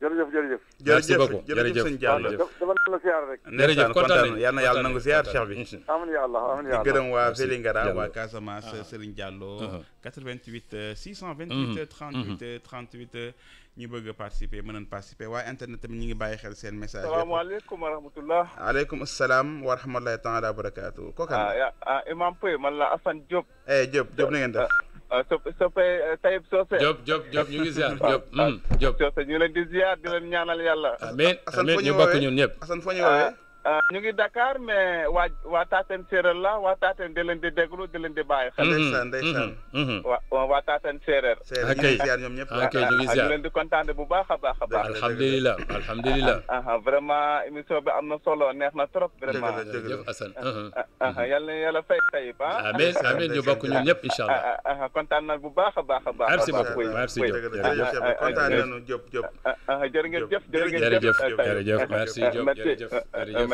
jërëjëf jërëjëf. merci beaucoup jërëjëf sëñ Diallo dama la siyaar rek. jërëjëf kontaan nañu yal na yàlla nangu siyaar Cheikh bi. amiin yaa Allah amiin yaa Allah di gërëm waa Vélingara waa Casamance ah. Serigne Diallo. 88 628. 38 38 ñu bëgg a participer mën nañu participer waaye internet tamit ñu ngi bàyyi xel seen message. salaamaaleykum wa rahmatulah. waaleykum salaam wa rahmatulahi taala wa barakaatu. kooku ah ah Imam Pouye man la Assane Diop. Eh, Diop Diop na ngeen def. Euh, Ah, sope sope eh, Taïb Socé. Diop Diop Diop ñu ngi ziar [LAUGHS] Diop. Mm, Diop ñu leen di ziar di leen ñu bokk ñun ñëpp. Euh, ñu ngi Dakar mais waa waa Taatane séeréer la waa Taatane da leen di déglu da leen di bàyyi. xel ndeysaan mhm, ndeysaan. Mhm, mhm. ok ñoom ñëpp ok ñu ah, ah, ziar ñu leen di kontaane bu baax a baax a baax. alhamdulilah alhamdulilah. Ah, vraiment émission bi am na solo neex na trop. vraiment jërëjëf Assane. yal na yàlla fay tayib ah. amiin amiin ñëpp incha allah. na bu baax a baax a baax. merci beaucoup merci Diop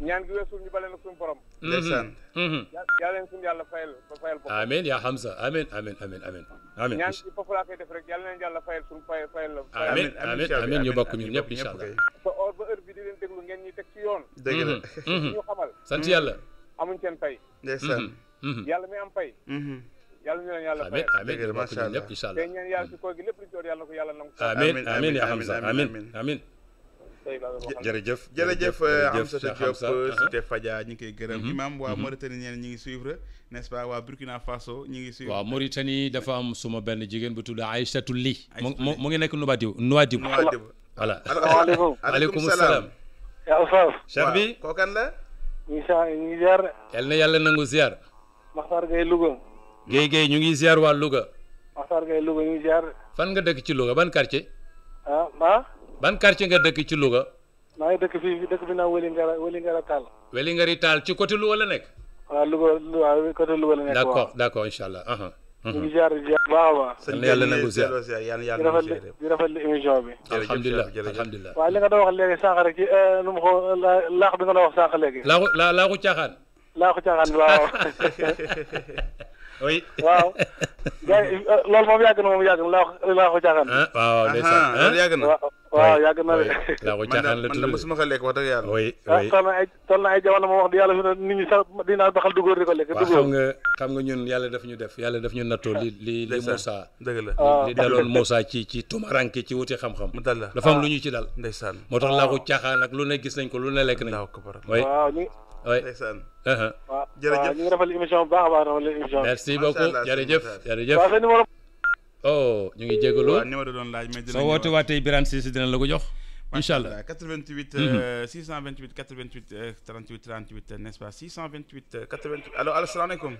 ñaan gi weesul ñu bale nag suñu borom. Mm-hmm. ndeysaan. Mm-hmm. yàlla leen suñu yàlla fayal ba fayal boppam. amiin yaa Hamza amiin amiin amiin amiin. amiin ñaan gi foofu laa koy def rek yàlla leen yàlla fayal suñu fayal fayal la. amiin amiin amiin ñu bokk ñun ñëpp incha allah. ba or ba heure bi di leen déglu ngeen ñuy teg ci yoon. dëgg la mm-hmm. ñu xamal. sant yàlla. amuñ seen pay. ndeysaan. yàlla mi am pay. yàlla ñu leen yàlla fayal amiin amiin ñu bokk ñun ñëpp incha allah. te ñaan yàlla si koor gi lépp lu ñu ci war yàlla ko yàlla nangu. amiin amiin yaa Hamza amiin amiin jërëjëf jërëjëf eh, Amsata Diop eh, Cité uh-huh. Fadia ñu ngi koy gërëm uh-huh. imam waa uh-huh. Mauritanie ñeen ñi ngi suivre n'est-ce pas waa Burkina Faso ñi ngi suivre waaw Mauritanie dafa am suma benn jigéen bu tudd Aïssatou Li mu mu ngi nekk Nouadhibou Nouadhibou voilà asalaamaaleykum [LAUGHS] aleykum salaam yaa Oustaz cheikh bi kookan la ñu ngi sa ñu ngi ziar yal na yàlla nangu ziar Maxtaar Gaye Louga Gaye Gaye ñu ngi ziar waa Louga Maxtaar Gaye Louga ñu ngi ziar fan nga dëkk ci Louga ban quartier ah, ah? ban quartier nga dëkk ci Louga. maa ngi dëkk fii dëkk bi naan Wélingara Wélingara Tall. Wélingara Tall ci côté Louga la nekk. waaw Louga waaw la nekk. waaw d' accord d' accord incha allah. ñu ngi ziar ziar baax a baax. sëñ bi yàlla na ko ziar di rafetlu émission bi. alhamdulilah alhamdulilah. waaw li nga doon wax léegi sànq rek ci euh, nu mu xoo laax bi nga doon wax sànq léegi. laaxu la laaxu caaxaan. laaxu caaxaan waaw. [LAUGHS] oui. waaw. gars yi euh, loolu moom yàgg na moom yàgg na laaxu laaxu caaxaan. Ah, waaw ndeysaan loolu yàgg waaw yàgg na de. daa ko caaxaan la tudd man de mosuma ko lekk wax dëgg yàlla. oui ah, oui toll na ay toll na jamono ma wax di yàlla fi ne nit ñi sax dinaa baxal dugóor di ko lekk. dugóor xam nga xam nga ñun yàlla daf ñu def yàlla daf ñu nattoo li li li Moussa. dëgg la ah. li daloon Moussa ci ci tumaranke ci wuti xam-xam. mu dal la dafa am lu ah. ñu ci dal. moo tax laa ko caaxaan ak lu ne gis nañ ko lu ne lekk nañ. waaw ñu. oui ndeysaan. Uh-huh. jërëjëf waaw ñu ngi rafetlu émission bu baax a baax rafetlu émission. oh ñu ngi jégalu waaw numéro doon laaj mais dinañ soo woote waa tey Birane Cissé dina la ko jox. incha allah 88 628 88 38 38 n'est-ce pas 628 88 allo asalaamaaleykum.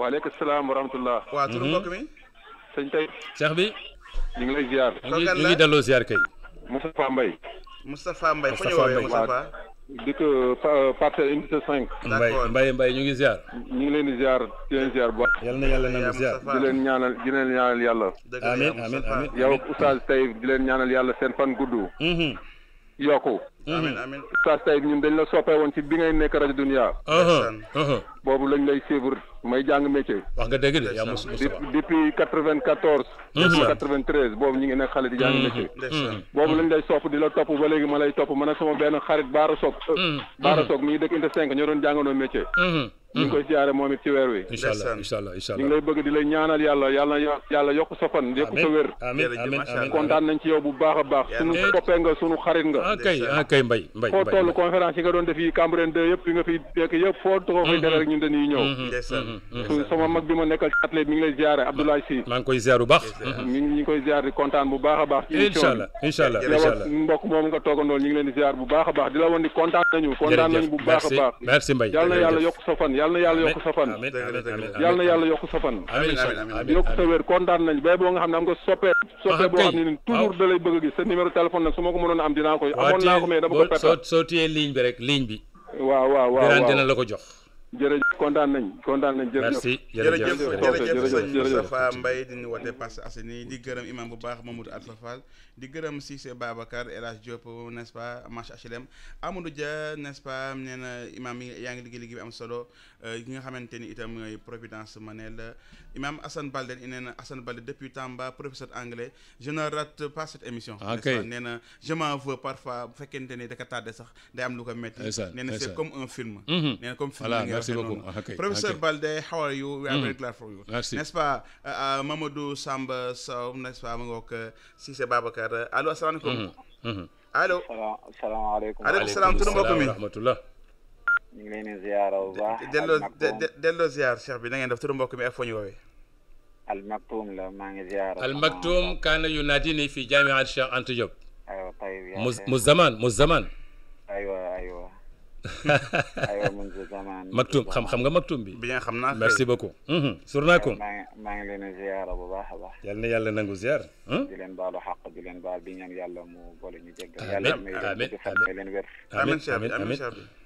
waaleykum salaam wa rahmatullah. waa turu mhm. mbokk mi. sëñ tey. cheikh bi. ñu ngi lay ziar. ñu ngi ñu ngi delloo ziar kay. Moustapha Mbaye. Moustapha Mbaye fu ñu woowee Moustapha. di ko parcelle unité cinq Mbaye Mbaye ñu ngi ziar ñu ngi leen di ziar di leen ziar bu yal na yàlla nangu ziar leen ñaanal di leen ñaanal yàlla amiin amiin amiin yow oustaz tey leen ñaanal yàlla seen fan gudd mm-hmm. yok amiin amiin Oustaz Taib ñun dañ la soppee woon ci bi ngay nekk rajo Dunia. boobu lañ lay suivre may jàng métier. wax nga dëgg de yaa mos depuis quatre vingt quatorze. quatre vingt treize boobu ngi nekk xale di jàng mm-hmm. métier. Mm-hmm. boobu lañ lay sopp di la topp ba léegi ma lay topp man ak sama benn xarit Baara Sock. Mm-hmm. Baara Sock mi ngi dëkk Inte 5 ñoo doon jàngandoo métier. ñu ngi koy siyaare mhm. moom it ci weer wi. incha allah incha allah incha allah ñu ngi lay bëgg a ah, ah, doon def yi a baax. incha allah incha allah yow mbokk moom nga toogandool ñu ngi leen di bu baax a baax di la woon di kontaan nañu kontaan nañu bu baax a baax yàlla na yàlla yokk sa fan yal na yàlla yokk sa fan yal na yàlla yokk sa fan yokk sa wér kontaan nañ bay boo nga xam ne am nga soppee ah, soppee boo xam ne ni toujours da lay bëgg a gis sa numéro téléphone nag su ma ko mënoon am dinaa ko amoon naa ko mais dama ko perte soo téyee ligne bi rek ligne bi waaw waaw waaw Birane dina la ko jox jërëjëf kontaan nañ kontaan nañ jërëjëf merci jërëjëf jërëjëf Moustapha Mbaye di ñu wote Parcelles Assainies di gërëm imam bu baax Mamadou Alpha Fall di gërëm Cissé Babacar El Hadj Diop n'est-ce pas marché HLM Amadou Dia n'est-ce pas nee na imam yi yaa ngi liggéey liggéey bi am solo yi euh, nga xamante ni itam mooy Providence Manel Imam Assane Balde nee na Assane Balde depuis Tamba professeur anglais je ne rate pas cette émission. Ah, ok nee na je m'avoue veux parfois bu fekkente de daka tardé sax day am lu ko métti. nee na c'est comme un film. Mhm. nee na comme film la merci beaucoup. professeur Balde how are you. we are very mhm. glad for you. merci n'est-ce pas euh, euh, Mamadou Samba Sow n'est-ce pas ma ngoog Cissé Babacar allo asalaamaaleykum. Mhm. allo. salaamaaleykum. waaleykum salaam tur mbokk mi. ñu ngi leen di ziar bu baax. delloo delloo ziar cheikh bi na ngeen def turu mbokk mi ak foo ñu woowee. Al Maktoum la maa ngi ziar. Al Maktoum kaana yunaadini fi jaamiat Cheikh Anta Diop. mu mu zaman mu zaman. aywa man de zaman. Maktoum xam xam nga Maktoum bi. bien xam naa merci beaucoup. surnaakum maa maa ngi leen a ziyaara bu baax a baax. yal na yàlla nangu ziyaar. di leen baalu xaq di leen baal di ñaan yàlla mu boole ñu jéggal. yàlla may leen di fan may leen wér. amiin amiin amiin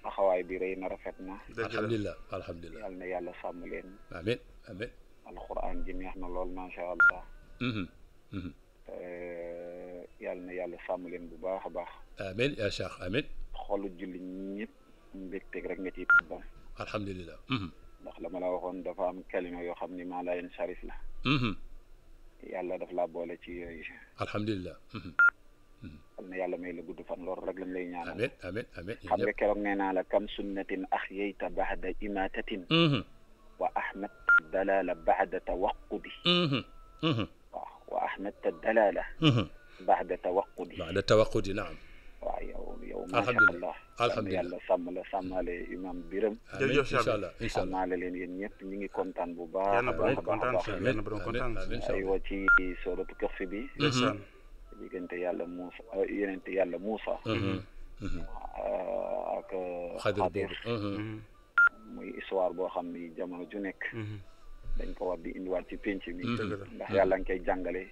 taxawaay bi rëy na rafet na. alhamdulilah alhamdulilah yal na yàlla sàmm leen. amiin amiin. alquran ji neex na lool macha allah. yal na yàlla sàmm leen bu baax a baax. amiin yaa Cheikh amiin. xolu julli ñëpp. mbégteeg rek nga ciy ba alhamdulilah ndax la ma la waxoon dafa am kalima yoo xam ni maa layen sharif la yàlla daf laa boole ci yooyu alhamdulilah xam ne yàlla may la gudd fan loolu rek lañ lay ñaanal amiin amiin amiin xam nga keroog nee naa la kam sunnatin axyayta baxda imatatin wa ahmad dalala baxda tawaqudi waaw wa ahmad dalala baxda tawaqudi baxda tawaqudi naam waaw yow alhamdulilah alhamdulilah yàlla sàmm la sàmmale imam biram jërëjëf incha allah incha allah leen yéen ñëpp ñu ngi kontaan bu baax yàlla borom kontaan si yàlla borom kontaan si aywa ci sooratu kahfi bi mm-hmm. diggante yàlla muusa yenente yàlla muusa mm-hmm. Mm-hmm. ak xadir muy histoire boo xam ni jamono ju nekk dañ ko war di indiwaat ci pénc mi ndax yàlla nga koy jàngale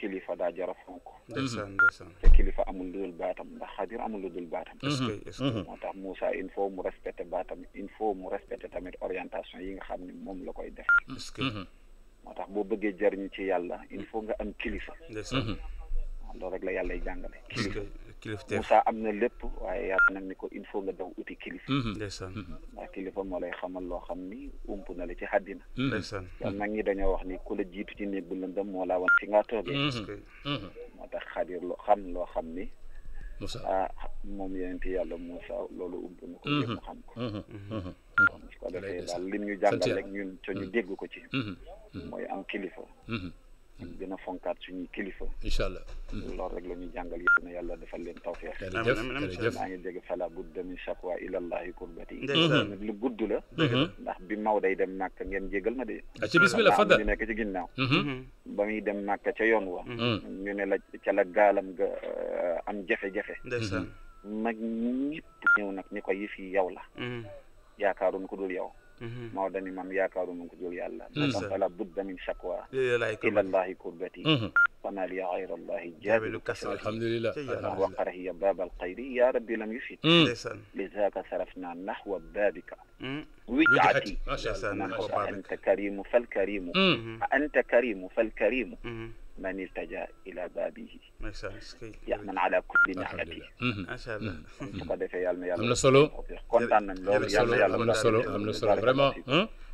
kilifa daa jara fonk ndeysaan mhm. ndeysaan te kilifa amul lu dul baatam ndax xadir amul lu dul baatam mhm. mhm. moo tax Moussa il faut mu respecter baatam il faut mu respecter tamit orientation yi nga xam ni moom la koy def moo tax boo bëggee jariñu ci yàlla il faut nga am kilifa loolu rek la yàlla jàngale kilifa kilifteef am na lépp waaye yàlla nag ni ko il nga daw uti kilif mhm. ndeysaan mhm. ndax kilifa moo lay xamal loo xam ni ump na la ci àddina mhm. ndeysaan nag ñi dañoo wax ni ku la jiitu ci néeg bu lëndëm moo laa wan fi nga toogee moo tax xadir loo xam loo xam ni Moussa ah moom yeneen ti yàlla Moussa loolu ump na ko yëpp xam ko su ko defee daal lim ñu jàngal rek ñu ca ñu dégg ko ci mooy am kilifa gën a fonkaat suñuy kilifa. incha allah hmm. loolu rek la jàngal yéen a yàlla defal leen tawféex. jërëjëf jërëjëf maa ngi dégg fala budda min shakwa ilallahi kurbati. lu gudd la. Hmm. Hmm. ndax bi maw day dem màkk ngeen jégal ma de. Ah, ci bismillah fadal nekk ci ginnaaw. ba muy dem màkk ca yoon wa. ñu ne la ca la gaalam ga euh, am jafe-jafe. ndeysaan mag ñëpp nag ni ko yëf yi yow la. yaakaaroon ku dul yow. mawɗan imam yakaru mum ko jogi allah ɗum fala budda min chakwa ila llahi courbati fana li gayra llahi jabidu alhamdulillah وقر هي باب القير يا ربي لم يفت لذاك صرفنا نحو بابك وجعتي نحو أنت كريم فالكريم أنت كريم فالكريم man iltaja ila baabihi ya man ala kulli ni'mati macha allah su ko defee yàlla na yàlla am na solo kontaan nañ loolu yàlla am na solo am na solo vraiment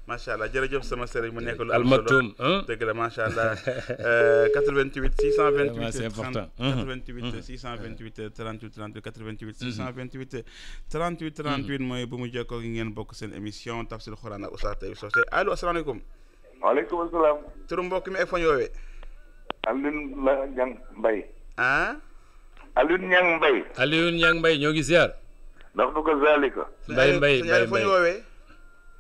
macha allah jërëjëf sama sëriñ mu nekk lu am solo dëgg la macha allah 88 euh, 628 c'est important 88 628 38 38 88 628 38 38 mooy bu mu jokkoo ak ngeen bokk seen émission tafsir xuraan ak Oustaz Taïb Socé allo asalaamaaleykum waaleykum salaam turu mbokk mi ak fañ woowee Alioune la Niang Mbaye. ah. Alioune Niang Mbaye. Alioune Niang Mbaye ñoo ngi ziar. ndax du ko zaalika. Mbaye Mbaye Mbaye Mbaye.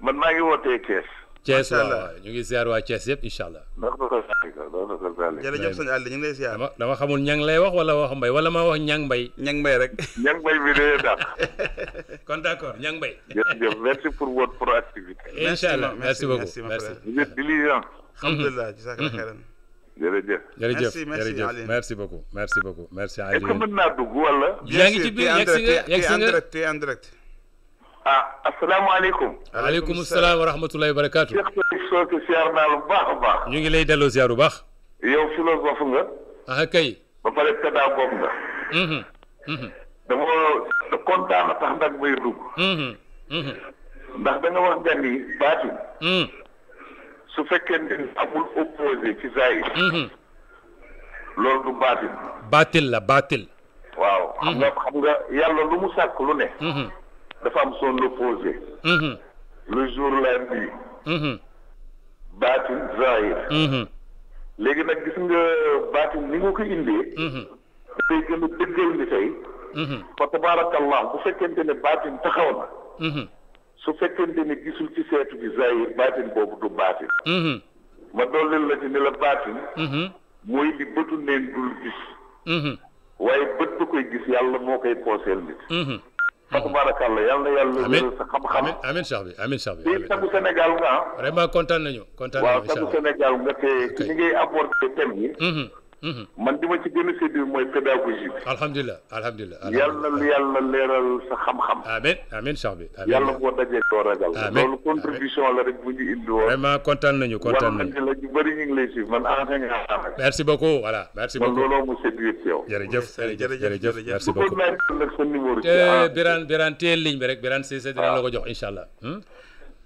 man maa ngi wootee Thiès. Thiès waaw ñu ngi ziar waa Thiès yëpp incha allah. ndax du ko zaalika ndax du ko zaalika. jërëjëf sëñ Aliou ñu ngi lay ziar. dama dama xamul Niang lay wax wala wax Mbaye wala ma wax Niang Mbaye. Niang Mbaye rek. [LAUGHS] Niang Mbaye bi dee dàq. [LAUGHS] kon d' accord Niang Mbaye. jërëjëf merci pour votre proactivité. incha allah merci beaucoup merci. vous êtes diligent. alhamdulilah jërëjëf jërëjëf jërëjëf merci beaucoup merci beaucoup merci Aliou. est-ce que mën naa dugg wala. yaa ngi ci biir yegg si nga yegg si nga te en direct ah asalaamaaleykum. waaleykum salaam wa rahmatullahi wa barakaatu. yéen a ngi sooke siyaar naa lu baax a baax. ñu ngi lay delloo siyaar bu yow philosophe nga. ah kay. ba pare pédagogue nga. Mhm, mhm. dama mhm, wax gan baatu. su fekkee ni amul opposé ci zahir mhm. loolu du baatil baatil la baatil waaw mhm. xam nga xam nga yàlla lu mu sàkk lu ne mhm. dafa am son opposé le jour la nuit baatil zahir léegi nag gis nga baatil ni nga ko indee dafay gën a dëggal ni tey fa tabarakallah bu fekkente ne baatil taxaw na su fekkente ne gisul ci seetu bi zahir baatin boobu du baatin mhm. ma dooleel la ci ne la baatin mhm. mooy li bëtu neen dul gis mhm. waaye bët ba koy gis yàlla moo koy pooseel nit fa tabaarakàlla yàlla na yàlla wéral sa xam-xam amiin sax bi amiin sax bi di tagu Sénégal nga ah vraiment kontaan nañu kontaan nañu waaw tagu Sénégal nga te ñi ngay aborder thème yi Mhm. man di ma ci gën a séddale mooy pédagogie bi. alhamdulilah alhamdulilah. yàlla yàlla leeral sa xam-xam. amiin amiin sax bi. amiin yàlla boo dajee doo ragal. amiin loolu contribution la rek bu ñu indi woon. vraiment kontaan nañu kontaan nañu la ñu bëri ñu ngi man en merci beaucoup voilà merci beaucoup man looloo mu sédduyeeg si yow. jërëjëf jërëjëf jërëjëf merci beaucoup. bu ko laajee nag sa te eh, Birane Birane téye ligne bi rek Birane Cissé dina la ko jox incha allah. Hmm?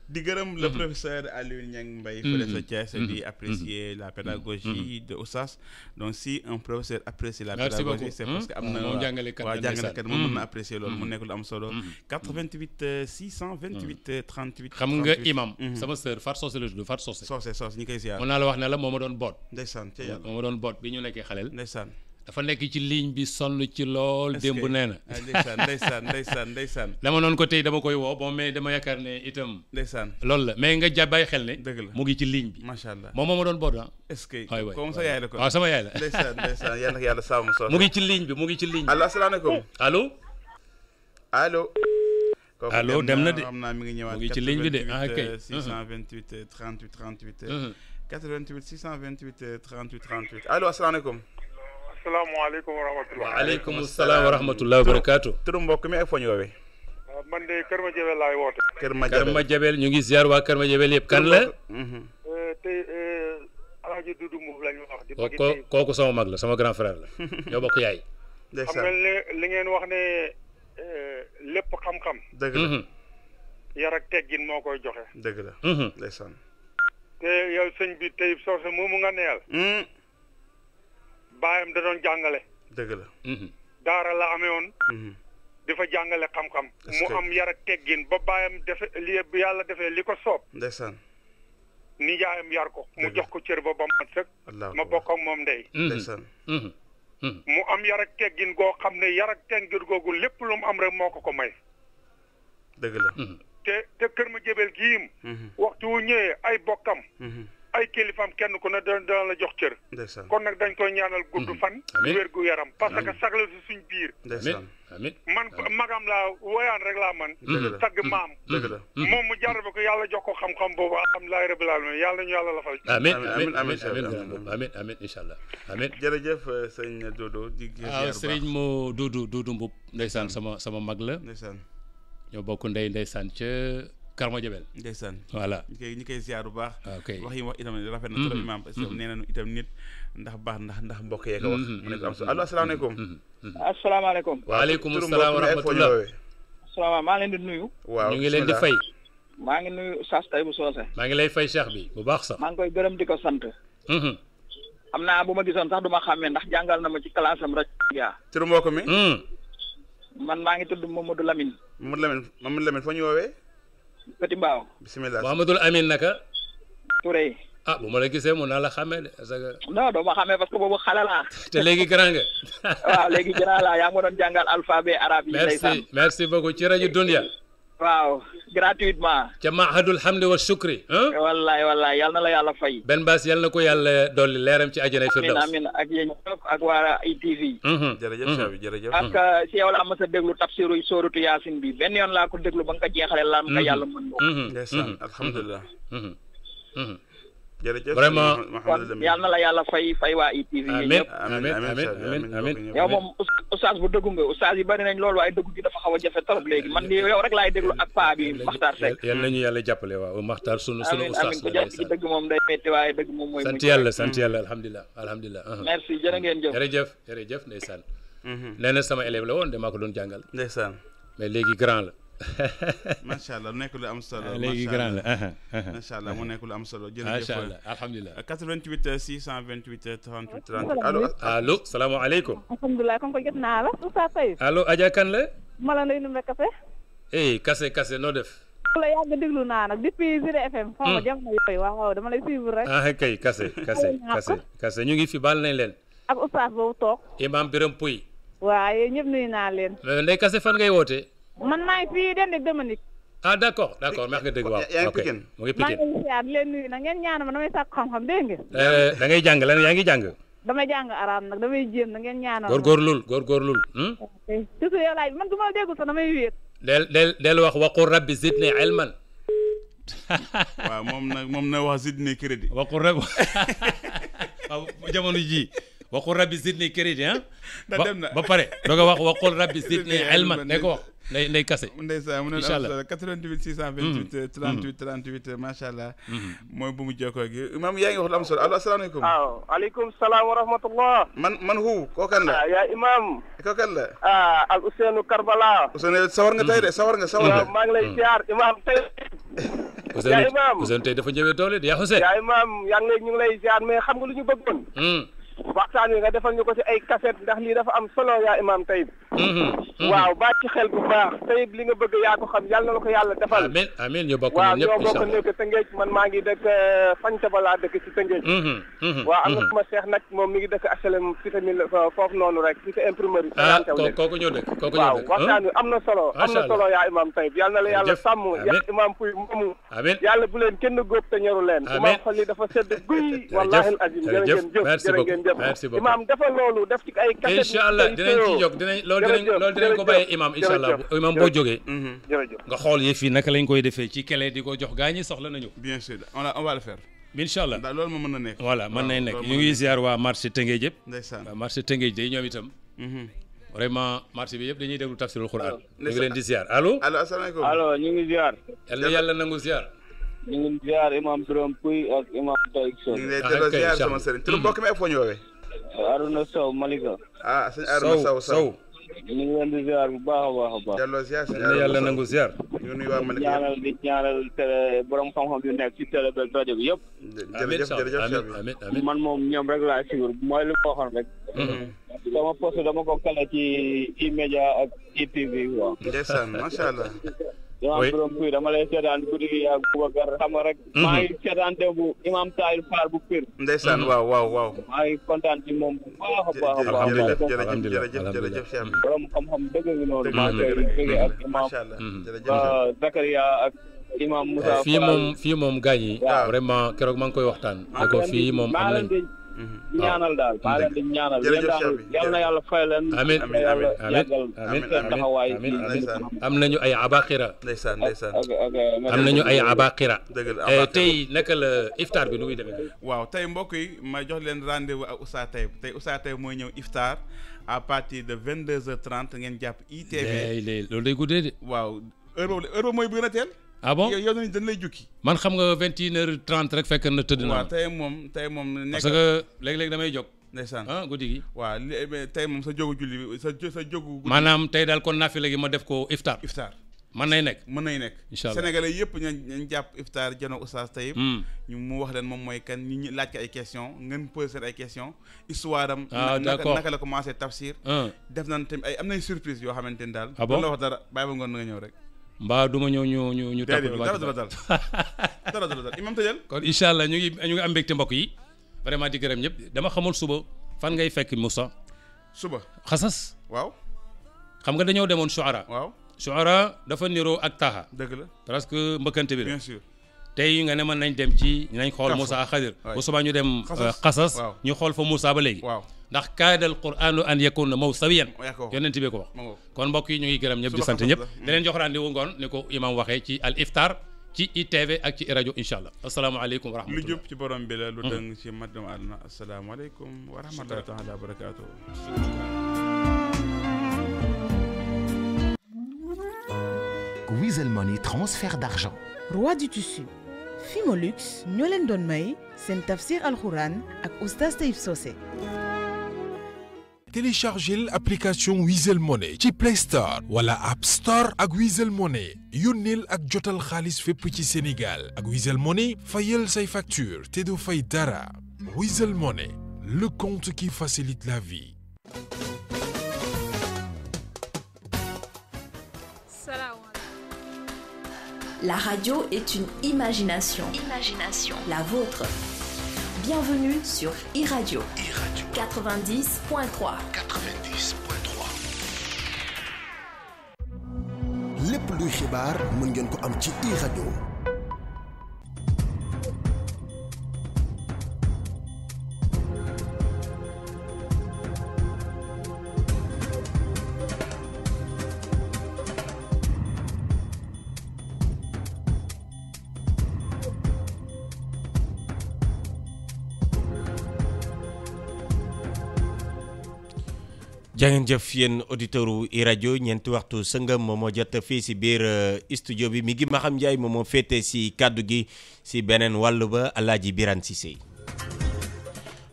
di gërëm le mhm. professeur Aliou Niang Mbaye mhm. fële sa Thiès di mhm. apprécier la pédagogie de Oustaz donc si un professeur apprécie la pédagogie c'est parce que am hein? na waa jàngalekat moom mën mëna apprécier loolu mu nekk lu am solo 88 628 38 xam nga imam sama sœur Far Socé la tudd Far Socé Socé Socé ñi koy ziar mën naa la wax na la moma ma doon boot ndeysaan ca yàlla moo doon bi ñu nekké xaleel ndeysaan dafa nekk ci ligne bi sonn ci lool. démb nee na ah, ndeysaan ndeysaan ndeysaan ndeysaan [LAUGHS] dama noonu ko tey dama koy woo bon mais dama yaakaar ne itam. ndeysaan loolu la mais nga ja bàyyi xel ne. dëgg la mu ngi ci ligne bi. macha allah moom moo ma doon bood ah. est-ce que comme sa yaay la ko waaw sama yaay la. ndeysaan ndeysaan yal na yàlla sàmm [LAUGHS] mu ngi ci ligne bi mu ngi ci ligne bi. allo asalaamaaleykum. allo. allo. allo dem na de xam naa mi ngi ñëwaat mu ngi ci ligne bi de ah 628 38 38. 88 628 38 38 allo asalaamaaleykum. asalaamaaleykum wa rahmatulah. waaleykum salaam wa rahmatulah wa barakaatu. turu mbokk mi ak fa ñu woowee. Ah, man de Kër Madiabel laay woote. Kër Madiabel Kër ñu ngi ziar waa Kër Madiabel yëpp kan la. Mhm. Eh, tey eh, Alaaji Dudu Mbuub la wax. di bëgg tey kooku sama mag la sama grand frère la. [LAUGHS] ñoo bokk yaay. xam nga li ngeen wax ne eh, lépp xam-xam. dëgg la. Mhm. yar moo koy joxe. dëgg la. Mhm. te yow sëñ bi tey soose moomu nga neyal. baayam da doon jàngale. dégg la. Mhm. daara la amee woon. Mhm. di fa jàngale xam-xam. mu am yar ak teggin ba baayam defe li yàlla defee li ko soob. ndeysaan. nijaayam yar ko mu jox ko cër ba ba mat sëkk. ma bokk ak moom ndey. Mhm. mu am yar ak teggin goo xam ne yar ak teggin googu lépp lu mu am rek moo ko ko may. dëgg te te kër ma jébel giim. waxtu wu ñëwee ay bokkam. ay kilifaam kenn ku ne da dana la jox cër. kon nag dañ koy ñaanal gudd fan. wér gu yaram parce que sagla si suñ biir. man magam laa woyaan rek laa man tagg maam moom mu jar ba ko yàlla jox ko xam-xam boobu am laay rabbil alamin yàlla ñu yàlla la fal amin amin amin amin amin incha allah amin jërëjëf sëñ Dodo di waaw sëriñ moo Dodo Dodo Mbub ndeysaan sama sama mag la ndeysaan ñoo bokk ndey ndeysaan ca Karma Jabel ndeysaan voilà ñu koy ñu koy ziar bu baax wax yi wax itam rafet na trop imam parce mm-hmm. que nee nañu itam nit ndax baax ndax ndax mbokk yee ya, ko wax mu nekk am mm-hmm. solo mm-hmm. allo asalaamaaleykum asalaamaaleykum waaleykum salaam wa rahmatullah eh. asalaama maa leen di nuyu waaw ñu ngi leen di fay maa ngi nuyu Sass Taïbou Socé maa ngi lay fay cheikh bi bu baax sax maa ngi koy gërëm di ko sant am naa bu ma gisoon sax du ma xàmmee ndax jàngal na ma ci classe am rajo yaa turu mbokk mi mm. man maa ngi tudd Mamadou Lamine Mamadou Lamine Mamadou Lamine fa ñu woowee Petit Mbao. bisimilah Mouhamadul Amin naka. Touré. ah bu ma la gisee mun naa la xàmmee de parce que. non doo ma xàmmee parce que boobu xale laa. [LAUGHS] te léegi grand nga. [LAUGHS] waaw léegi grand laa yaa ngi doon jàngal alphabet arabe yi. merci merci ci rajo Dunia. waaw gratuitement. ca mahadul hamdi wa shukri. wallaay wallaay yal na la yàlla fay. benn baas yal na ko yàlla dolli leeram ci àjjana firdaws. amiin amiin ak yéen ñëpp ak waa ITV. Mhm. jërëjëf Chabi mhm. jërëjëf. parce mhm. que si a la am sa déglu tafsiru yaasin bi benn yoon laa ko déglu ba nga ko jeexalee. laam nga yàlla mën loo. ndeysaan jërëjëf vraiment kon yal na la yàlla fay fay waa ITV. amiin amiin amiin amiin amiin yow moom oustaz bu dëggu nga oustaz yi bari nañ loolu waaye dëggu gi dafa xaw a jafe trop léegi man yow rek laay déglu ak paa bi Makhtar Seck. yal nañu yàlla jàppale waaw Makhtar sunu sunu oustaz la ndeysaan amiin dëgg moom day metti waaye dëgg moom mooy. sant yàlla sant yàlla alhamdulilah alhamdulilah. Uh-huh. merci jërë ngeen jëf jërëjëf jërëjëf ndeysaan. Mm-hmm. nee na sama élève la woon damaa ko doon jàngal. ndeysaan mais léegi grand la macha allah nekk lu am solo. Ah, léegi grand la ah, ah, macha allah mu nekk lu am solo. jërëjëf macha allah alhamdulilah. 88 628 38 38 allo allo salaamaaleykum. alhamdulilah kon ko jot naa la. Oustaz Seydou. allo Adja kan la. ma la nuyu Ndumbe Kase. eh Kase Kase noo def. la yàgg déglu naa nag depuis Zid FM. xaw ma hmm. jamono yooyu waaw waaw dama lay suivre rek. ah kay Kase Kase Kase Kase ñu ngi fi baal nañ leen. ak Oustaz boobu toog. imam Birame Pouy. waaye ñëpp nuyu naa leen. Eh, ndey Kase fan ngay wootee. man maa ngi fii den ak Dominique. ah d' accord d' accord maa ngi dégg waaw. yaa ngi Pikine na ngeen ñaan ma damay sàkk xam-xam dégg ngeen. Eh, da ngay jàng lan yaa ngi jàng. damay jàng araam nag damay jéem na ngeen ñaanal. góorgóorlul góorgóorlul. Hmm? surtout yow laaj man du ma la wax waqul rabbi zidni ilman. [LAUGHS] waaw moom nag moom na wax zidni crédit. waqul rabbi [LAUGHS] waaw jamono jii. waqul rabbi zidni crédit ah. da dem ba pare. doo ko wax waqul rabbi zidni ilman ne ko wax. nday nday kase ndeysaan mu ne la 88 628 38 38 macha allah mm-hmm. mooy bu mu jokkoo gi imaam yaa ngi wax lu am solo allo asalaamaaleykum ah, waaw aleykum salaam wa rahmatullah man man hu koo kan la yaa imaam koo kan la ah ak ah, Ousseynou Karbala Ousseynou sawar nga tey sawar nga sawar nga maa ngi lay mm. ziar imaam tey [LAUGHS] yaa imaam Ousseynou tey dafa ñëwee doole yaa Ousseynou lay ñu ngi lay ziar mais xam nga lu ñu bëggoon mm. waxtaan wi nga defal ñu ko ci ay cassette ndax lii dafa am solo yaa imaam Tayib mm-hmm, mm-hmm. waaw bàyyi ci xel bu baax Tayib li nga bëgg yaa ko xam yàlla na la ko yàlla defal amiin amiin ñu bokk nekk Tëngéej man maa ngi dëkk euh, Fanta balaa dëkk ci Tëngéej mm-hmm, waaw am na sama mi ngi dëkk HLM ci tamit euh, foofu noonu rek ci sa ah, na solo am na solo yaa imaam Tayib yàlla na la yàlla sàmm yaa imaam Puy moomu amiin yàlla bu leen kenn góob te ñoru leen imaam xol yi dafa sedd guy wallaahi azim jërë ngeen jëf merci beaucoup imaam defal loolu def ci ay. kese incha allah dinañ ci jóg dinañ loolu dinañ loolu ko bàyyee imaam imaam boo jógee. Mhm. nga xool yëf yi naka lañ koy defee ci kele di ko jox gaa ñi soxla nañu. bien sûr allah ndax nañ nekk ñu ngi ziar waa marché Tëngéej yëpp. marché Tëngéej day ñoom itam. Mhm. vraiment marché bi yëpp dañuy déglu tafsirul Quran. ñu ngi leen di ziar allo. allo ñu ngi ziar. yàlla nangu ziar. ñu ngi ziar imam Birame Pouy ak imam Taïk Sow. ñu ngi lay ah, delloo ziar sama sëriñ. tur mbokk mi ak foo ñu woowee. Aruna Sow Malika. ah sëñ Aruna Sow Sow. ñu ngi leen di ziar bu baax a baax a baax. delloo ziar sëñ Aruna yàlla nangu ziar. ñu nuyu waa Malika di ñaanal télé borom xam-xam yu nekk ci télé beeg yëpp. man moom ñoom rek laa sigur mooy li ma waxoon rek. sama mm-hmm. poste dama ko kale ci i média ak ITV quoi. ndeysaan macha allah. imaam borom piir dama lay seetaan guddi gi ak Boubacar rek. Mhm. maa ngi seetaan bu imaam Tahir bu piir. Mhm. waaw waaw waaw. maa kontaan ci moom bu baax a baax a baax. alhamdulilah jërëjëf jërëjëf Cheikh borom xam-xam dëgg ngi noonu. maa ngi koy ak imaam mhm. Zakaria ak. Eh, moom fii yi. vraiment keroog maa ngi koy waxtaan. ne ko fii moom am nañ Mm-hmm. ñaanal daal maa oh. leen di ñaanal yal na yàlla fay leen amiin amiin amiin am nañu ay abaqira ndeysaan ndeysaan am nañu ay abaqira eh, tey naka la iftaar bi nu muy demee waaw tey mbokk yi ma jox leen rendez-vous ak Oustaz Taïb tey Oustaz Taïb mooy ñëw iftaar à partir de vingt deux heures trente ngeen jàpp ITV loolu day guddee de waaw heure boobu heure mooy bu gën teel ah bon yow dañu dañu lay jukki. man xam nga 21h30 rek fekk na tëdd na. waaw tey moom tey moom. nekk parce que leg leg damay jóg. ndeysaan ah guddi gi. waaw eh, tay mom sa jogu julli sa sa jogu manam tay dal kon nafi legi ma def ko iftar iftar man nay nek man nay nek incha allah sénégalais yëpp ñu jàpp iftaar jano oustaz Taïb. Hmm. ñu mu wax len mom moy kan ñu ñu laaj ay question ngeen poser ay question histoire am. ah naka la commencé tafsir. Ah. def nañ tamit ay am nay surprise yo xamante dal daal. Ah la wax dara bàyyi ba ngoon nga ñew rek. mbaa du ma ñëw ñu ñu ñu. tey dara dara dal dara dara dal imam tëjal [LAUGHS] kon incha allah ñu ngi ñu ngi am mbégte mbokk yi vraiment di gërëm ñëpp dama xamul suba fan ngay fekk Moussa. suba xasas. waaw. xam nga dañoo demoon Shuara. waaw Shuara dafa niroo ak Taha. dëgg la parce que mbëkkante bi la. tey nga ne mën nañ dem ci. nañ xool Moussa ak Xadir. bu subaa ñu dem. xasas euh, ñu xool fa Moussa ba léegi. waaw ndax kaada alquran an yakuna mawsawiyan yonent bi ko wax kon mbok yi ñu ngi gërëm ñep di sant ñep dalen leen jox rendez-vous ngoon ni imam waxe ci al iftar ci ITV ak ci radio inshallah assalamu alaykum wa rahmatulah lu jub ci borom bi la lu dëng ci madam assalamu alaykum wa rahmatullahi taala wa barakatuh Wizall Money transfert d'argent roi du tissu Fimolux ñoo leen doon may seen tafsir alxuraan ak oustaz Taïb Socé téléchargez l'application Weasel Money ci Play Store ou App Store ak Weasel Money Younil ak jotal Khalis fépp ci Sénégal ak Weasel Money Fayel say facture te Weasel fay dara Money le compte qui facilite la vie. La radio est une imagination. Imagination. La vôtre bienvenue sur e-radio. 90.3. 90.3. Les luy xibaar mën ngeen ko e-radio. jangeen jëf yenn auditeurs u i rajo ñeenti waxtu sëngam moom moo jot fii si biir euh, studio bi mi ngi Maxam Njaay moom moo féete si kàddu gi si beneen wàll ba Alaaji Birane Cissé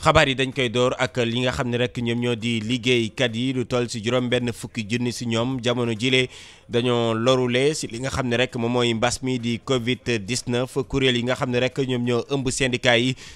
xabaar yi dañ koy door ak li nga xam ne rek ñoom ñoo di liggéeykat yi lu toll si juróom-benn fukki junni si ñoom jamono jile dañoo lorule si li nga xam ne rek moom mooy mbas mi di Covid 19 kuréel yi nga xam ne rek ñoom ñoo ëmb syndicat yi